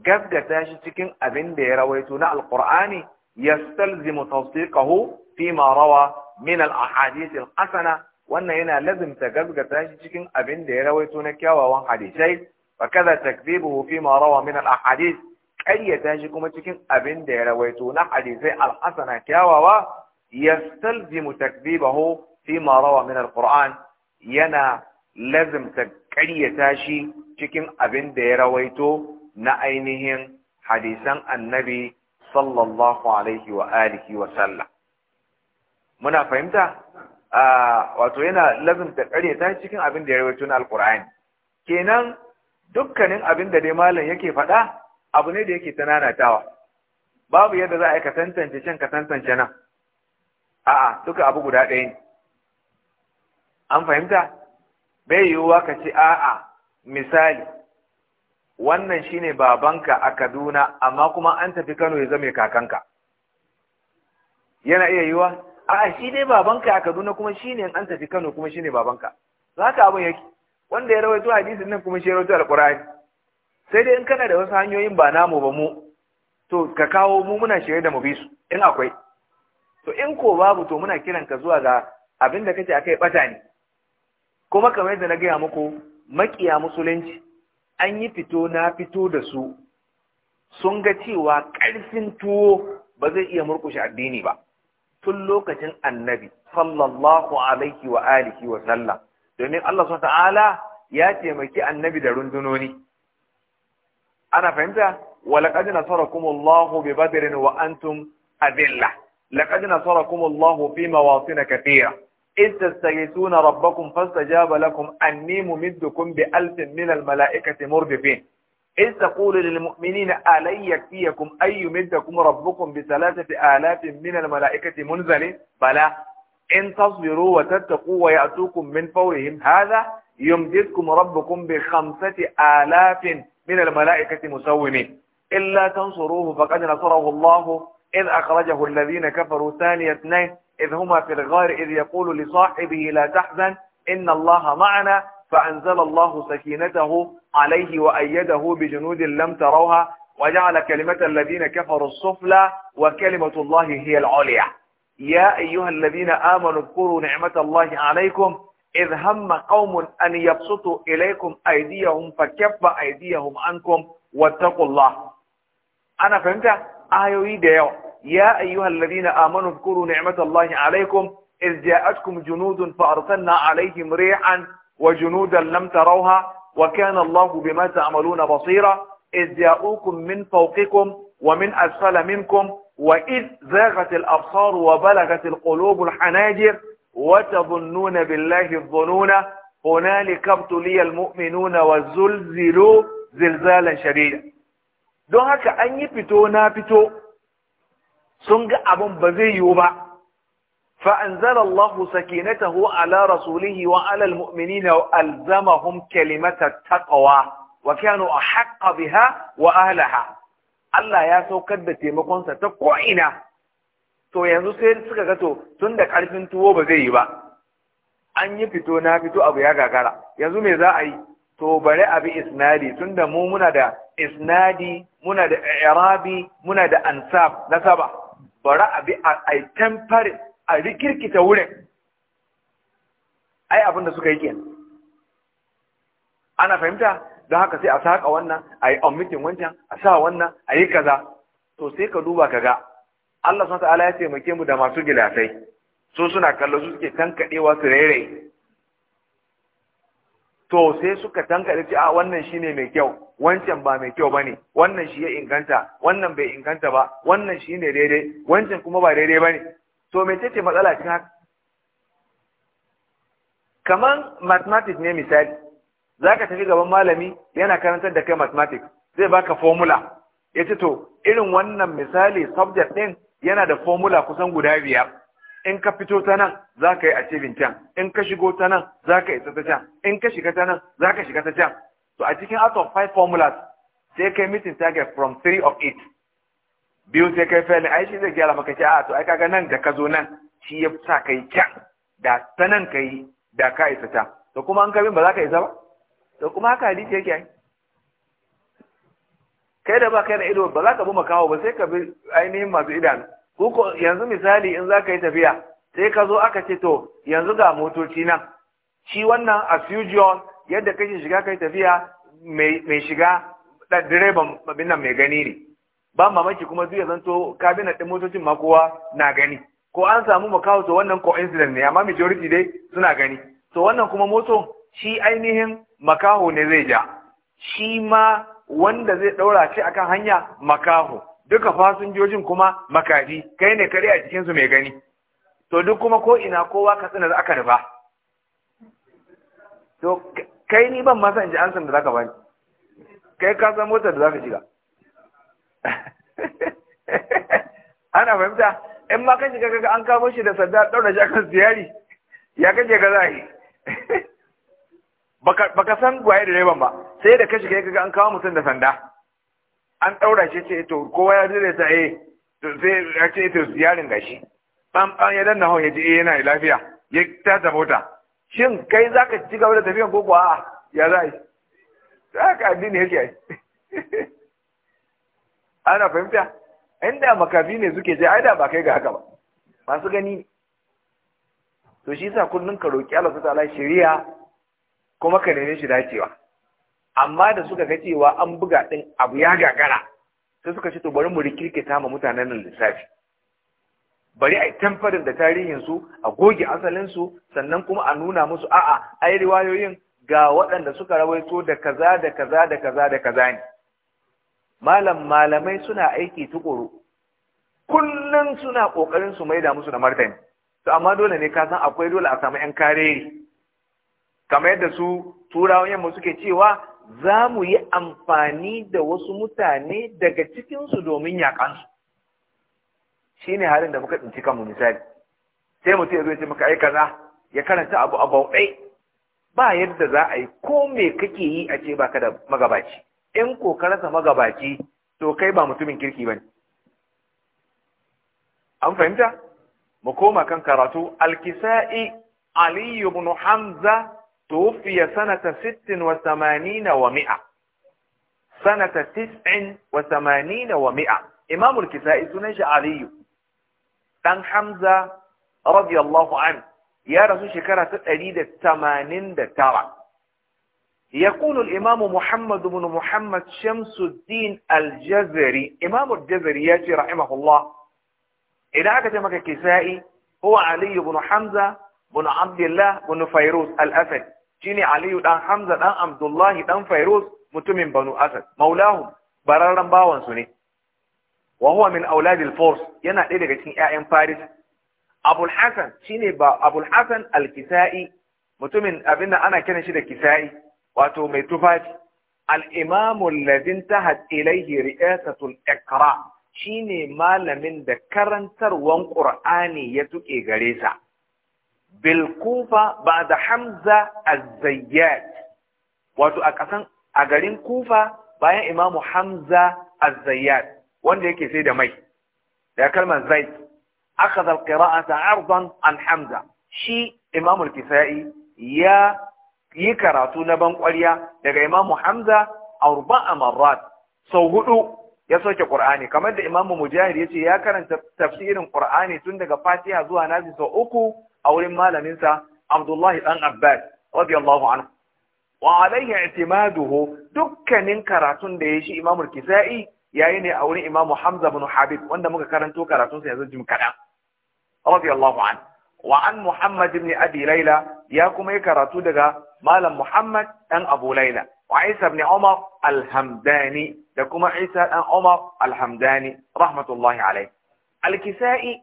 Speaker 1: gaskata shi cikin abin da ya rawaito na alqur'ani yastalzimu tasdiquhu fima rawa min alahadith alhasana wannan yana lazimta gaskata shi cikin abin da ya rawaito na kyawawan hadisai fa kaza takdhibuhu fima rawa min alahadith ƙaryata shi kuma cikin abin da ya rawaito na hadisai alhasana kyawawa yastalzimu takzibahu fi ma rawa min alquran yana lazimta ƙaryata shi cikin abin da ya rawaito na ainihin hadisan annabi sallallahu alaihi wa alihi wa sallam muna fahimta wato yana lazimta ƙaryata cikin abin da ya rawaito na alqur'ani kenan dukkanin abin da dai malam yake faɗa abu ne da yake tananatawa babu yadda za a yi ka tantance can ka tantance nan a'a duka abu guda ɗaya ne an fahimta bai yiwuwa ka ce a'a misali wannan shine babanka a Kaduna amma kuma an tafi Kano ya zama kakanka yana iya yiwuwa a'a shi dai babanka a Kaduna kuma shine an tafi Kano kuma shine babanka zaka abin yake wanda ya rawaito hadisin nan kuma shi ya rawaito alqur'ani sai dai in kana da wasu hanyoyin ba namu ba mu to ka kawo mu muna shirye da mu bi su in akwai to in ko babu to muna kiran ka zuwa ga abin da kake akai batani ne kuma kamar yadda na gaya muku makiya musulunci an yi fito na fito da su sun ga cewa ƙarfin tuwo ba zai iya murkushe addini ba tun lokacin annabi sallallahu alaihi wa alihi wa sallam domin Allah subhanahu ta'ala ya taimaki annabi da rundunoni ana fahimta wa nasarakumullahu bi badrin wa antum adilla laqad nasarakumullahu fi mawatin kathira إذ تستغيثون ربكم فاستجاب لكم أني ممدكم بألف من الملائكة مردفين إذ تقول للمؤمنين ألن يكفيكم أن يمدكم ربكم بثلاثة آلاف من الملائكة منزلين بلى إن تصبروا وتتقوا ويأتوكم من فورهم هذا يمددكم ربكم بخمسة آلاف من الملائكة مسومين إلا تنصروه فقد نصره الله إذ أخرجه الذين كفروا ثاني اثنين إذ هما في الغار إذ يقول لصاحبه لا تحزن إن الله معنا فأنزل الله سكينته عليه وأيده بجنود لم تروها وجعل كلمة الذين كفروا السفلى وكلمة الله هي العليا يا أيها الذين آمنوا اذكروا نعمة الله عليكم إذ هم قوم أن يبسطوا إليكم أيديهم فكف أيديهم عنكم واتقوا الله أنا فهمت آيوي ديو يا أيها الذين آمنوا اذكروا نعمة الله عليكم إذ جاءتكم جنود فأرسلنا عليهم ريحا وجنودا لم تروها وكان الله بما تعملون بصيرا إذ جاءوكم من فوقكم ومن أسفل منكم وإذ زاغت الأبصار وبلغت القلوب الحناجر وتظنون بالله الظنون هنالك ابتلي المؤمنون وزلزلوا زلزالا شديدا don أن يبتونا بتو sun ga abin ba zai yiwu ba فأنزل الله سكينته على رسوله وعلى المؤمنين وألزمهم كلمة التقوى وكانوا أحق بها وأهلها Allah ya saukar da taimakonsa ta ko'ina, to yanzu sai suka ga to tun da ƙarfin tuwo ba zai yi ba, an yi fito na fito abu ya gagara, yanzu me za a yi, to bari abi isnadi tunda mu muna da isnadi, muna da irabi, muna da ansaf na saba. bara a a temperin a rikirkita wurin ai abin suka yi kenan ana fahimta don haka sai a saka wannan a yi omitin wancan a sa wannan a yi kaza to sai ka duba ka ga Allah subhanahu ta'ala ya taimake mu da masu gilasai su suna kallo su suke tankadewa su rairaye to sai suka tankaɗe ce a wannan shi ne mai kyau wancan ba mai kyau bane wannan shi ya inganta wannan bai inganta ba wannan shi ne daidai wancan kuma ba daidai bane to ce matsala cikin haka kaman mathematics ne misali zaka tafi gaban malami yana karantar da kai mathematics zai baka formula yace to irin wannan misali subject din yana da formula kusan guda biyar in ka fito ta nan za ka yi a cibin can in ka shigo ta nan za ka isa ta can in ka shiga ta nan za ka shiga ta can to a cikin out of five formulas sai kai meeting target from three of it biyu sai kai fail ai shi zai gyara maka ce a to ai kaga nan da ka zo nan shi ya sa kai can da ta nan ka yi da ka isa ta to kuma an kabin ba za ka isa ba to kuma haka hadisi yake ai kai da ba kai da ido ba za ka bi makawo ba sai ka bi ainihin masu idanu ko yanzu misali in za ka yi tafiya sai ka zo aka ce to yanzu ga motoci nan shi wannan a fusion yadda kake shiga kai tafiya mai shiga da direban abin nan mai gani ne ba mamaki kuma zai zanto kabinan ɗin motocin ma kowa na gani ko an samu makaho to wannan coincidence ne amma majority dai suna gani to wannan kuma moto shi ainihin makaho ne zai ja shi ma wanda zai ɗaura shi akan hanya makaho duka fasinjojin kuma makafi kai ne kare a su mai gani to duk kuma ko ina kowa ka tsina aka rufa to kai ni ban masa in ji ansan da zaka bani kai ka san motar da zaka shiga ana fahimta in ma kan shiga kaga an kawo shi da sanda daura shi akan ziyari ya kaje ka zai baka baka san gwaye da reban ba sai da ka shiga kaga an kawo mutum da sanda an ɗaura shi ce to kowa ya zira ta eh to sai ya ce to yarin gashi ɗan ya danna hon ya ji eh, yana lafiya ya ta mota shin kai za ka ci gaba da tafiyan ko kuwa ya za yi za ka addini yake yi ana fahimta inda makafi ne suke je ai da ba kai ga haka ba masu gani to shi sa kullun ka roki Allah ta'ala shari'a kuma ka neme shi dacewa amma da suka ga cewa an buga ɗin abu ya gagara sai suka ce to bari mu rikirkita ma mutanen nan lissafi bari a yi tamfarin da tarihinsu a goge asalin su sannan kuma a nuna musu a'a ai riwayoyin ga waɗanda suka rawaito da kaza da kaza da kaza da kaza ne malam malamai suna aiki tukuru kullum suna kokarin su maida musu da martani to amma dole ne ka san akwai dole a samu 'yan kare kamar yadda su turawan yamma suke cewa za mu yi amfani da wasu mutane daga cikinsu domin yaƙansu shi ne halin da muka tsinci kanmu misali sai mutum ya zo ya ce maka ai kaza ya karanta abu a bauɗai ba yadda za a yi ko me kake yi a ce baka da magabaci in ko magabaci to kai ba mutumin kirki ba ne. an fahimta mu koma kan karatu alkisa'i Aliyu bin hamza توفي سنة ست وثمانين ومئة سنة تسع وثمانين ومئة إمام الكسائي سنجي علي دان حمزة رضي الله عنه يا رسول شكرة تقريد الثمانين ترى يقول الإمام محمد بن محمد شمس الدين الجزري إمام الجزري ياتي رحمه الله إذا أكتمك كسائي هو علي بن حمزة بن عبد الله بن فيروز الأسد shine Aliyu dan Hamza dan Abdullahi dan Fairuz mutumin Banu Asad maulahu bararran bawan su ne wa huwa min auladil Furs yana ɗaya daga cikin ƴaƴan Faris Abul Hasan shine ba Abul Hasan al-Kisai mutumin abinda ana kiran shi da Kisai wato mai tufafi al-Imam alladhi tahat ilayhi ri'asatul Iqra shine malamin da karantarwan Qur'ani ya tuke gare sa Bil kufa حمزة الزيات wato a ƙasan a garin kufa bayan imamu hamza az wanda yake sai da mai da kalmar zait akhadha al-qira'ata ardan an hamza shi imamu kisai ya yi karatu na ban daga imamu hamza arba'a marrat sau hudu ya soke ƙur'ani. kamar da Imam Mujahid ce ya karanta tafsirin ƙur'ani tun daga Fatiha zuwa Nazi sau uku a wurin malaminsa Abdullahi dan Abbas radiyallahu anhu wa alayhi i'timaduhu dukkanin karatun da ya shi Imam Kisai yayi ne a wurin Imam Hamza bin Habib wanda muka karanto karatun sa yanzu jim kadan radiyallahu anhu wa an Muhammad ibn Abi laila ya kuma yi karatu daga malam Muhammad dan Abu Layla wa Isa ibn Umar alhamdani da kuma Isa dan Umar alhamdani hamdani rahmatullahi alayhi al-Kisai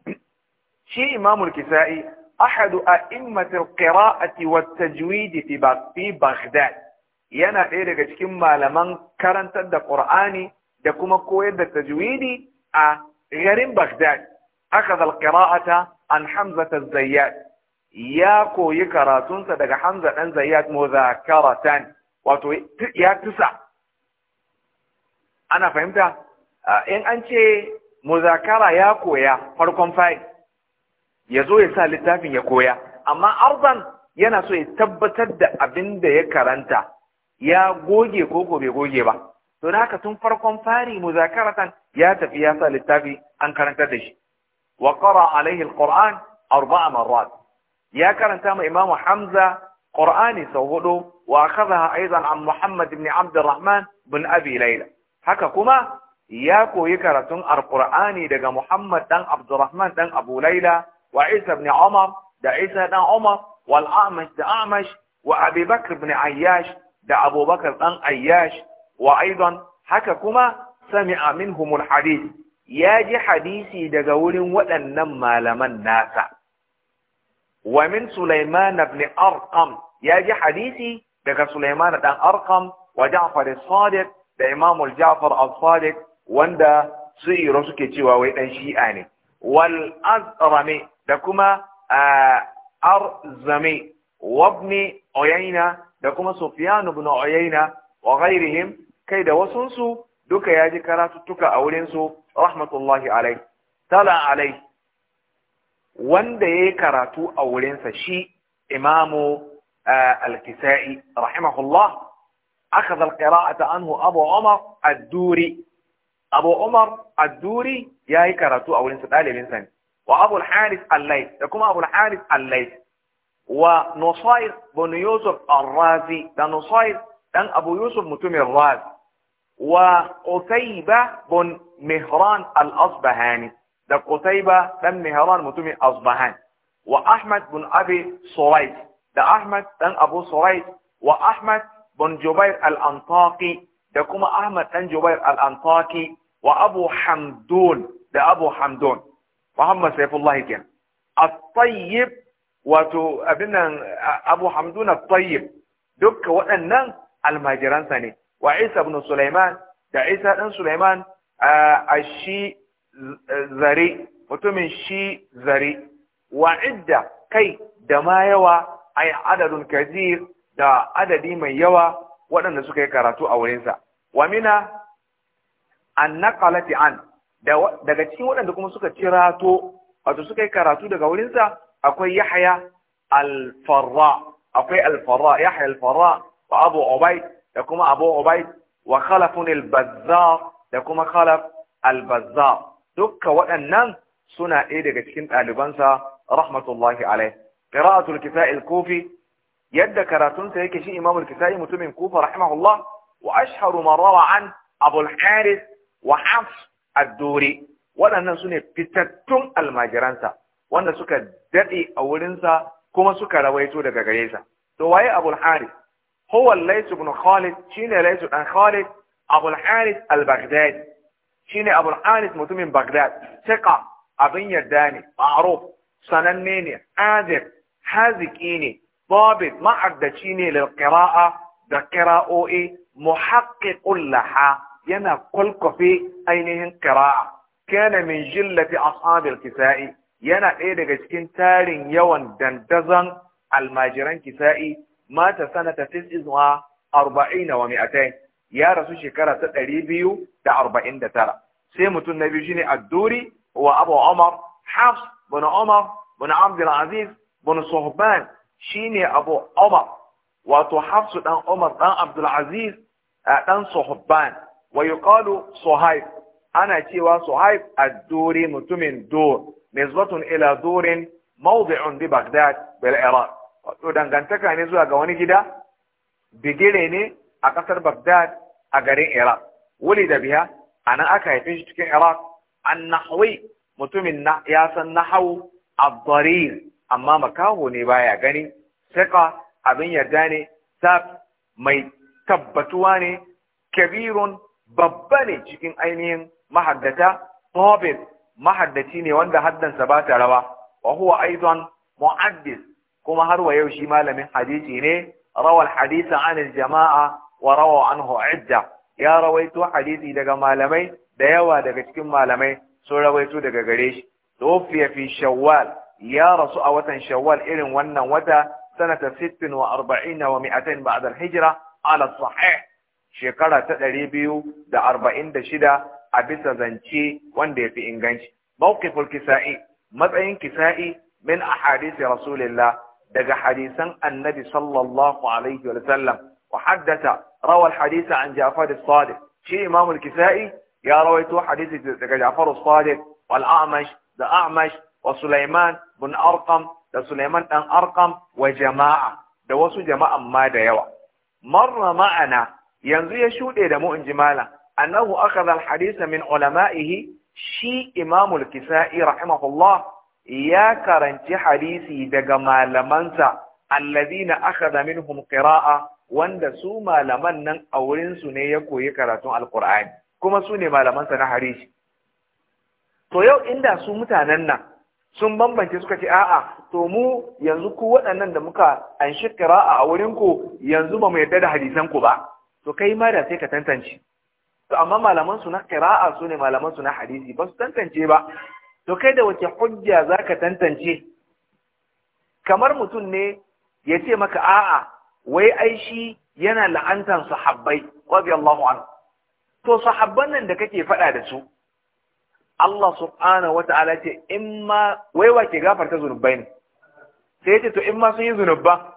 Speaker 1: shi Imam al-Kisai أحد أئمة القراءة والتجويد في في بغداد ينا إيرغا تكيم ما لمن كرنت دا قرآني دا كما كويد التجويد غريم بغداد أخذ القراءة عن حمزة الزيات يا كو يكرا تنسى حمزة الزيات مذاكرة واتو يا تسع أنا فهمتها إن أنت مذاكرة يا كو يا فاركم فايد ya zo ya sa littafin ya koya amma arzan yana so ya tabbatar da abin da ya karanta ya goge ko ko bai goge ba to da haka tun farkon fari muzakaratan ya tafi ya sa littafi an karantar da shi wa qara alaihi alquran arba'a marrat ya karanta ma imam hamza qur'ani sau hudu wa akhadha aidan an muhammad ibn abd alrahman bin abi layla haka kuma ya koyi karatun alqur'ani daga muhammad dan abdurrahman dan abu layla وعيسى بن عمر ده عيسى بن عمر والأعمش ده أعمش وأبي بكر بن عياش ده أبو بكر بن عياش وأيضا هككما سمع منهم الحديث يا جي حديثي ده قول ولنما لمن ناسا ومن سليمان بن أرقم يا جي حديثي ده سليمان بن أرقم وجعفر الصادق ده إمام الجعفر الصادق wanda su iro suke cewa wai da kuma arzami wabni oyaina da kuma Sufyanu ibn oyaina wa ghairihim kai da wasunsu duka ya ji karatuttuka a wurinsu rahmatullahi alai tala alai wanda ya yi karatu a wurinsa shi imamu al-kisa'i rahimahullah أخذ القراءة عنه Abu Umar الدوري أبو عمر الدوري يا karatu a الإنسان ɗalibinsa ne وأبو الحارث الليث يكون أبو الحارث الليث ونصير بن يوسف الرازي ده نصير ده أبو يوسف متوم الرازي وقتيبة بن مهران الأصبهاني ده قتيبة بن مهران متوم الأصبهاني وأحمد بن أبي صريد ده أحمد دان أبو صريد وأحمد بن جبير الأنطاقي ده كما أحمد بن جبير الأنطاقي وأبو حمدون ده أبو حمدون Muhammad Saifullahi ken at-tayyib wato abinan Abu Hamdun at-tayyib dukka waɗannan almajiransa ne wa Isa ibn Sulaiman da Isa ɗan Sulaiman a shi zare mutumin shi zare wa idda kai da ma yawa ai adadun kazir da adadi mai yawa waɗanda suka yi karatu a wurinsa wa mina an naqalati an daga cikin waɗanda kuma suka cirato wato suka yi karatu daga wurinsa akwai yahya al-farra akwai al-farra yahya al-farra wa abu ubayd da kuma abu ubayd wa khalaf al-bazzar da kuma khalaf al-bazzar dukka waɗannan suna ɗaya daga cikin ɗalibansa rahmatullahi alaihi qira'atul kisa'i al-kufi yadda karatunsa yake shi imamu al-kisa'i mutumin kufa rahimahullah wa ashharu man rawa an abu al-harith wa addore waɗannan su ne fitattun almajiransa wanda suka daɗe a wurinsa kuma suka rawaito daga gare sa to waye abul harith huwa lays ibn khalid shine lays dan khalid abul harith al-baghdadi shine abul harith mutumin baghdad thiqa abin yarda ne ma'ruf sananne ne azib haziki ne ne معدشيني للقراءة da قراءوئي محقق laha yana kwalkwafe ainihin ƙira'a kana min jillati ashabil kisa'i yana ɗaya daga cikin tarin yawan dandazon almajiran kisa'i mata sanata tis'in wa arba'in wa mi'atain ya rasu shekara ta ɗari biyu da arba'in da tara sai mutum na biyu shine adduri wa abu umar hafs bin umar bin abdul aziz bin suhban shine abu umar wato hafsu dan umar dan abdul aziz dan suhban wa yuqalu suhaib ana cewa suhaib ad-duri mutumin dur nisbatun ila durin mawdi'un bi baghdad bil iraq wato dangantaka ne zuwa ga wani gida bigire ne a kasar baghdad a garin iraq wuli da biya anan aka haife shi cikin iraq an nahwi mutumin ya san hau ad-darir amma makaho ne baya gani saka abin yarda ne sab mai tabbatuwa ne kabirun babba ne cikin ainihin mahaddata tabir mahaddaci ne wanda haddansa ba ta rawa wa huwa aidan mu'addis kuma har wa yau shi malamin hadisi ne rawal hadisa an jama'a wa rawa anhu idda ya rawaito hadisi daga malamai da yawa daga cikin malamai sun rawaito daga gare shi tuwfiya fi shawwal ya rasu a watan shawwal irin wannan wata sanata 46 wa 200 ba'da al-hijra ala sahih shekara ta ɗari biyu da arba'in da shida a bisa zance wanda ya fi inganci. Mawqiful kisa'i matsayin kisa'i min ahadisi rasulillah daga hadisan annabi sallallahu alaihi wa sallam wa haddata hadisa an Ja'far as-Sadiq shi kisai ya rawaito hadisi daga Ja'far sadiq wal A'mash da A'mash wa Sulaiman bin Arqam da Sulaiman dan Arqam wa jama'a da wasu jama'an ma da yawa marra ma'ana yanzu ya shuɗe da mu in ji malam annahu akhadha al-hadith min ulama'ihi shi imamul kisa'i rahimahullah ya karanci hadisi daga malamansa alladhina akhadha minhum qira'a wanda su malaman nan a wurin su ne ya koyi karatun alqur'ani kuma su ne malamansa na hadisi to yau inda su mutanen nan sun bambance suka ce a'a to mu yanzu ku waɗannan da muka anshi qira'a a wurin ku yanzu ba mu yarda da hadisan ku ba to kai ma da sai ka tantance to amma malaman su na qira'a su ne malaman su na hadisi ba su tantance ba to kai da wace hujja zaka tantance kamar mutum ne ya ce maka a'a wai Aishi yana la'antar sahabbai radiyallahu anhu to sahabban nan da kake faɗa da su Allah subhanahu wata'ala ce in ma wai wa ke gafarta zunubai ne sai ce to in ma sun yi zunubba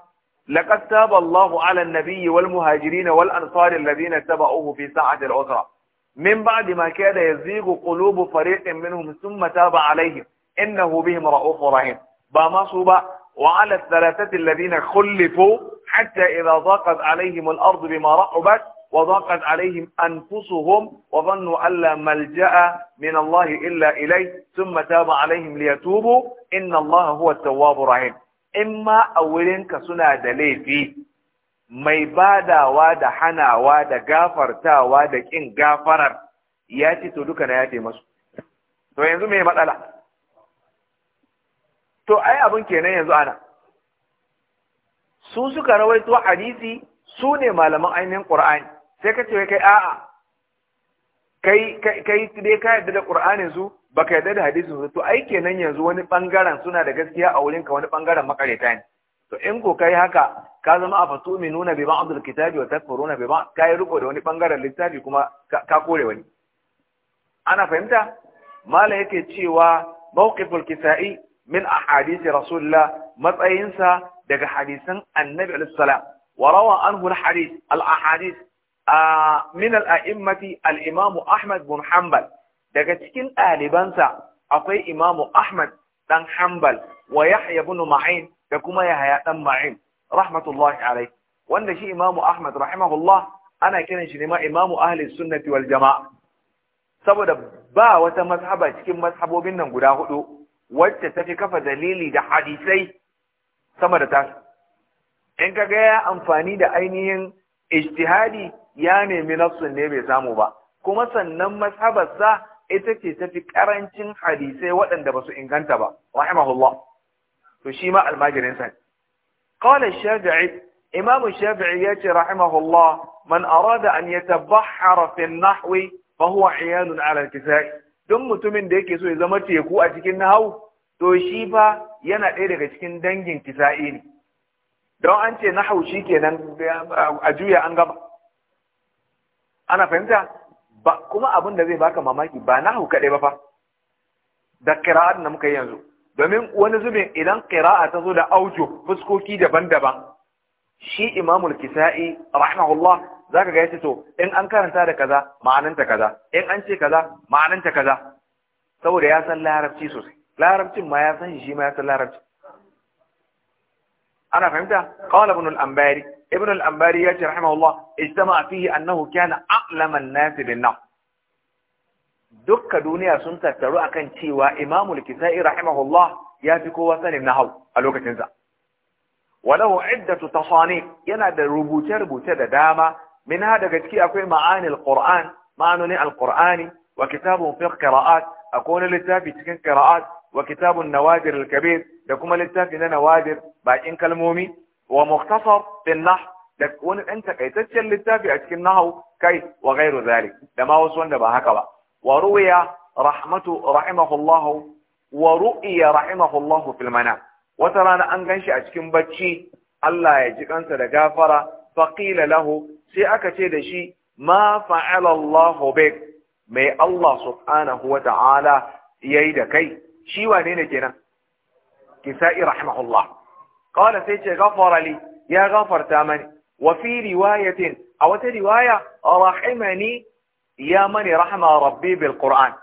Speaker 1: لقد تاب الله على النبي والمهاجرين والأنصار الذين اتبعوه في ساعة الأسرة من بعد ما كاد يزيغ قلوب فريق منهم ثم تاب عليهم إنه بهم رؤوف رحيم بما صوبا وعلى الثلاثة الذين خلفوا حتى إذا ضاقت عليهم الأرض بما رحبت وضاقت عليهم أنفسهم وظنوا أن لا ملجأ من الله إلا إليه ثم تاب عليهم ليتوبوا إن الله هو التواب الرحيم in ma a wurinka suna da laifi mai badawa da hanawa da gafartawa da ƙin gafarar ya ce to duka na ya ce masu to yanzu mai matsala to ai abin kenan yanzu ana su suka rawaito hadisi su ne malaman ainihin ƙur'ani sai ka ce kai a'a kai kai dai ka yarda da ƙur'anin su baka yarda da hadisin su to ai kenan yanzu wani bangaren suna da gaskiya a wurinka wani bangaren makareta ne to in ko kai haka ka zama a fatuminuna bi ba'd al-kitabi wa takfuruna bi ka yi riko da wani bangaren littafi kuma ka kore wani ana fahimta mala yake cewa mawqiful kisa'i min ahadith rasulullah matsayinsa daga hadisan annabi alaihi wa rawa anhu al al-ahadith ah, min al-a'immati al-imam ahmad bin hanbal daga cikin ɗalibansa akwai imamu Ahmad ɗan Hanbal wa Yahya bunu Ma'in da kuma Yahya ɗan Ma'in rahmatullahi alai wanda shi imamu Ahmad rahimahullah ana kiran shi ne ma imamu ahli sunnati wal jamaa saboda ba wata mazhaba cikin mazhabobin nan guda hudu wacce tafi kafa dalili da hadisai sama da tasu in ka ga ya amfani da ainihin ijtihadi ya nemi nafsun ne bai samu ba kuma sannan mazhabarsa ita ce tafi karancin hadisai waɗanda ba su inganta ba rahimahullah to shi ma almajirin sa qala shafi'i imam shafi'i ya ce rahimahullah man arada an yatabahhara fi nahwi fa huwa iyalun ala kisai don mutumin da yake so ya zama teku a cikin nahau to shi fa yana ɗaya daga cikin dangin kisa'i ne don an ce shi kenan a juya an gaba ana fahimta ba kuma abin da zai baka mamaki ba na nahu kaɗai ba fa da qira'at da muka yi yanzu domin wani zubin idan qira'a ta zo da aujo fuskoki daban-daban shi imamul kisa'i rahimahullah zaka ga yace to in an karanta da kaza ma'ananta kaza in an ce kaza ma'ananta kaza saboda ya san larabci sosai larabcin ma ya san shi ma ya san larabci ana fahimta qala ibn al ambari ابن الأنباري رحمه الله اجتمع فيه أنه كان أعلم الناس بالنقل دك دنيا سنت ترؤى كان تيوى إمام الكساء رحمه الله ياتي قوة ابن هو ألوك تنزع وله عدة تصانيف ينادى ربوتة ربوتة داما من هذا قد كي أكوي معاني القرآن معاني القرآن وكتاب في القراءات أكون لتافي تكن قراءات وكتاب النوادر الكبير لكم لتافي نوادر بعد إن كلمومي wa muktasar fil nahw da wani ɗan takaitaccen littafi a cikin nahu kai wa gairu zalik da ma wasu wanda ba haka ba wa ruwiya rahmatu rahimahullah wa ru'iya rahimahullah filmana. wata rana an ganshi a cikin bacci Allah ya ji kansa da gafara faqila lahu sai aka ce da shi ma fa'ala Allah mai Allah subhanahu wa ta'ala yayi da kai shi wane ne kenan kisa'i rahimahullah qala sai ce ya gafarta mani wa fi a wata riwaya rahimani ya mani rahma rabbi bil qur'an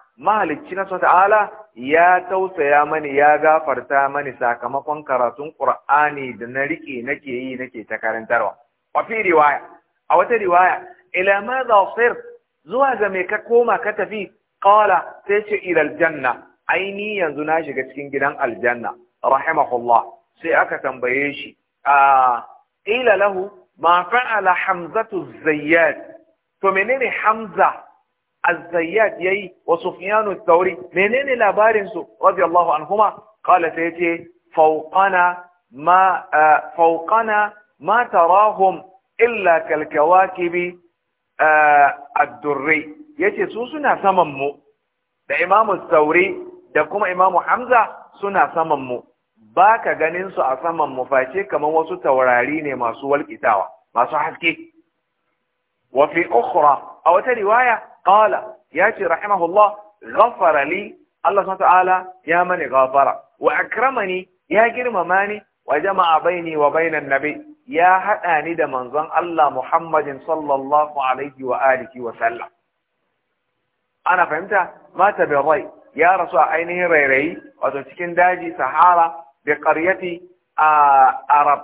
Speaker 1: ya tausaya mani ya gafarta mani sakamakon karatun qur'ani da na rike nake yi nake ta karantarwa wa fi riwaya a wata riwaya ila madha zuwa ga me ka koma ka tafi qala sai ce ila aljanna aini yanzu na shiga cikin gidan aljanna rahimahullah sai aka tambaye shi a ila lahu ma fa'ala hamzatu zayyad to menene hamza az-zayyad yayi wa sufyan thawri menene labarin su radiyallahu anhuma qala sai yace fawqana ma fawqana ma tarahum illa kal kawakibi ad-durri yace su suna saman mu da imamu sauri da kuma imamu hamza suna saman mu ba ka ganin su a saman mufaci kamar wasu taurari ne masu walƙitawa masu haske Wafi fi ukhra a wata riwaya qala ya ce rahimahullah ghafara li Allah subhanahu ta'ala ya mani ghafara wa akramani ya girmama ni wa jama'a baini wa bainan nabi ya hada ni da manzon Allah Muhammadin sallallahu alaihi wa alihi wa sallam ana fahimta mata bi rai ya rasu a ainihin rairayi wato cikin daji sahara bi qaryati arab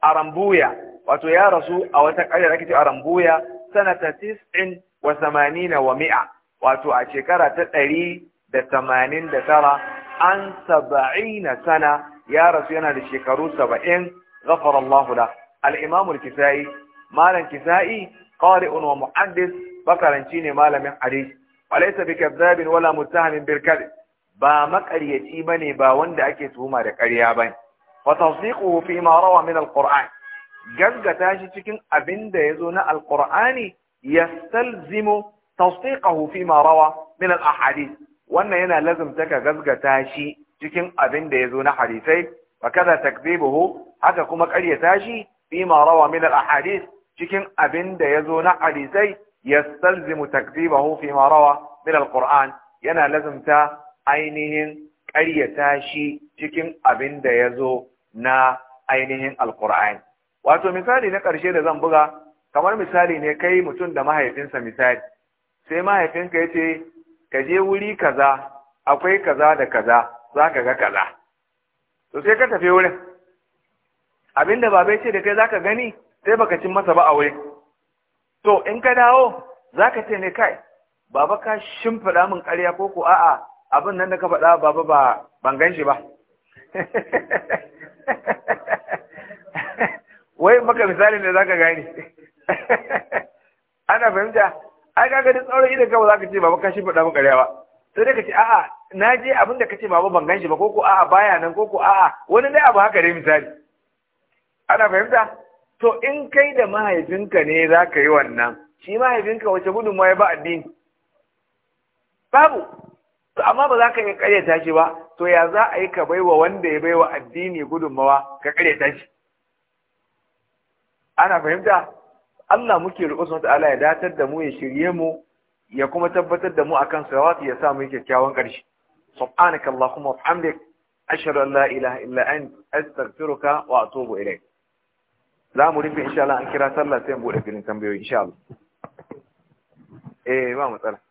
Speaker 1: arambuya wato ya rasu a wata ƙarya da ake ce arambuya sanata 89 wa mi'a wato a shekara ta ɗari da tamanin da tara an saba'ina sana ya rasu yana da shekaru saba'in ghafara Allah da al-imamu kisai malam kisai qari'un wa muhaddis bakaranci ne malamin hadisi bi bikadzabin wala muttahamin bil ba makaryaci bane ba wanda ake tuhuma da ƙarya bane wa tasdiquhu fi ma rawa min alquran gaggata shi cikin abin da yazo na alqur'ani yastalzimu tasdiquhu fi ma rawa min alahadith wannan yana lazumta ka gaggata shi cikin abin da yazo na hadisai wa kaza takdhibuhu haka kuma ƙaryata shi fi ma rawa min alahadith cikin abin da yazo na hadisai yastalzimu takdhibuhu fi ma rawa min alquran yana lazumta ainihin ƙaryata shi cikin abin da ya zo na ainihin alkur'ani wato misali na ƙarshe da zan buga kamar misali ne kai mutum da mahaifinsa misali sai mahaifinka ya ce ka je wuri kaza akwai kaza da kaza za ka ga kaza to sai ka tafi wurin abin da babai ce da kai za ka gani sai baka cin masa ba a wuri to in ka dawo za ka ce ne kai baba ka shimfiɗa min ƙarya ko ku a'a abin nan da ka faɗa baba ba ban gan shi ba wai maka misali ne za ka gane ana fahimta ai kaga duk tsaurin idan kawai za ka ce baba ka shi faɗa maka rewa sai dai ka ce a'a na je abin da ka ce baba ban gan shi ba ko ko a'a baya nan ko ko a'a wani dai abu haka dai misali ana fahimta to in kai da mahaifinka ne za ka yi wannan shi mahaifinka wace gudunmawa ya ba addini babu to amma ba za ka yi karyata shi ba to ya za a yi ka baiwa wanda ya baiwa addini gudunmawa ka karyata shi ana fahimta Allah muke roƙo subhanahu ta'ala ya datar da mu ya shirye mu ya kuma tabbatar da mu akan sirati ya sa mu yi kyakkyawan ƙarshe subhanaka allahumma wa bihamdik ashhadu an la ilaha illa ant astaghfiruka wa atubu ilayk za mu rufe insha Allah an kira sallah sai mu bude filin tambayoyi insha Allah eh ba matsala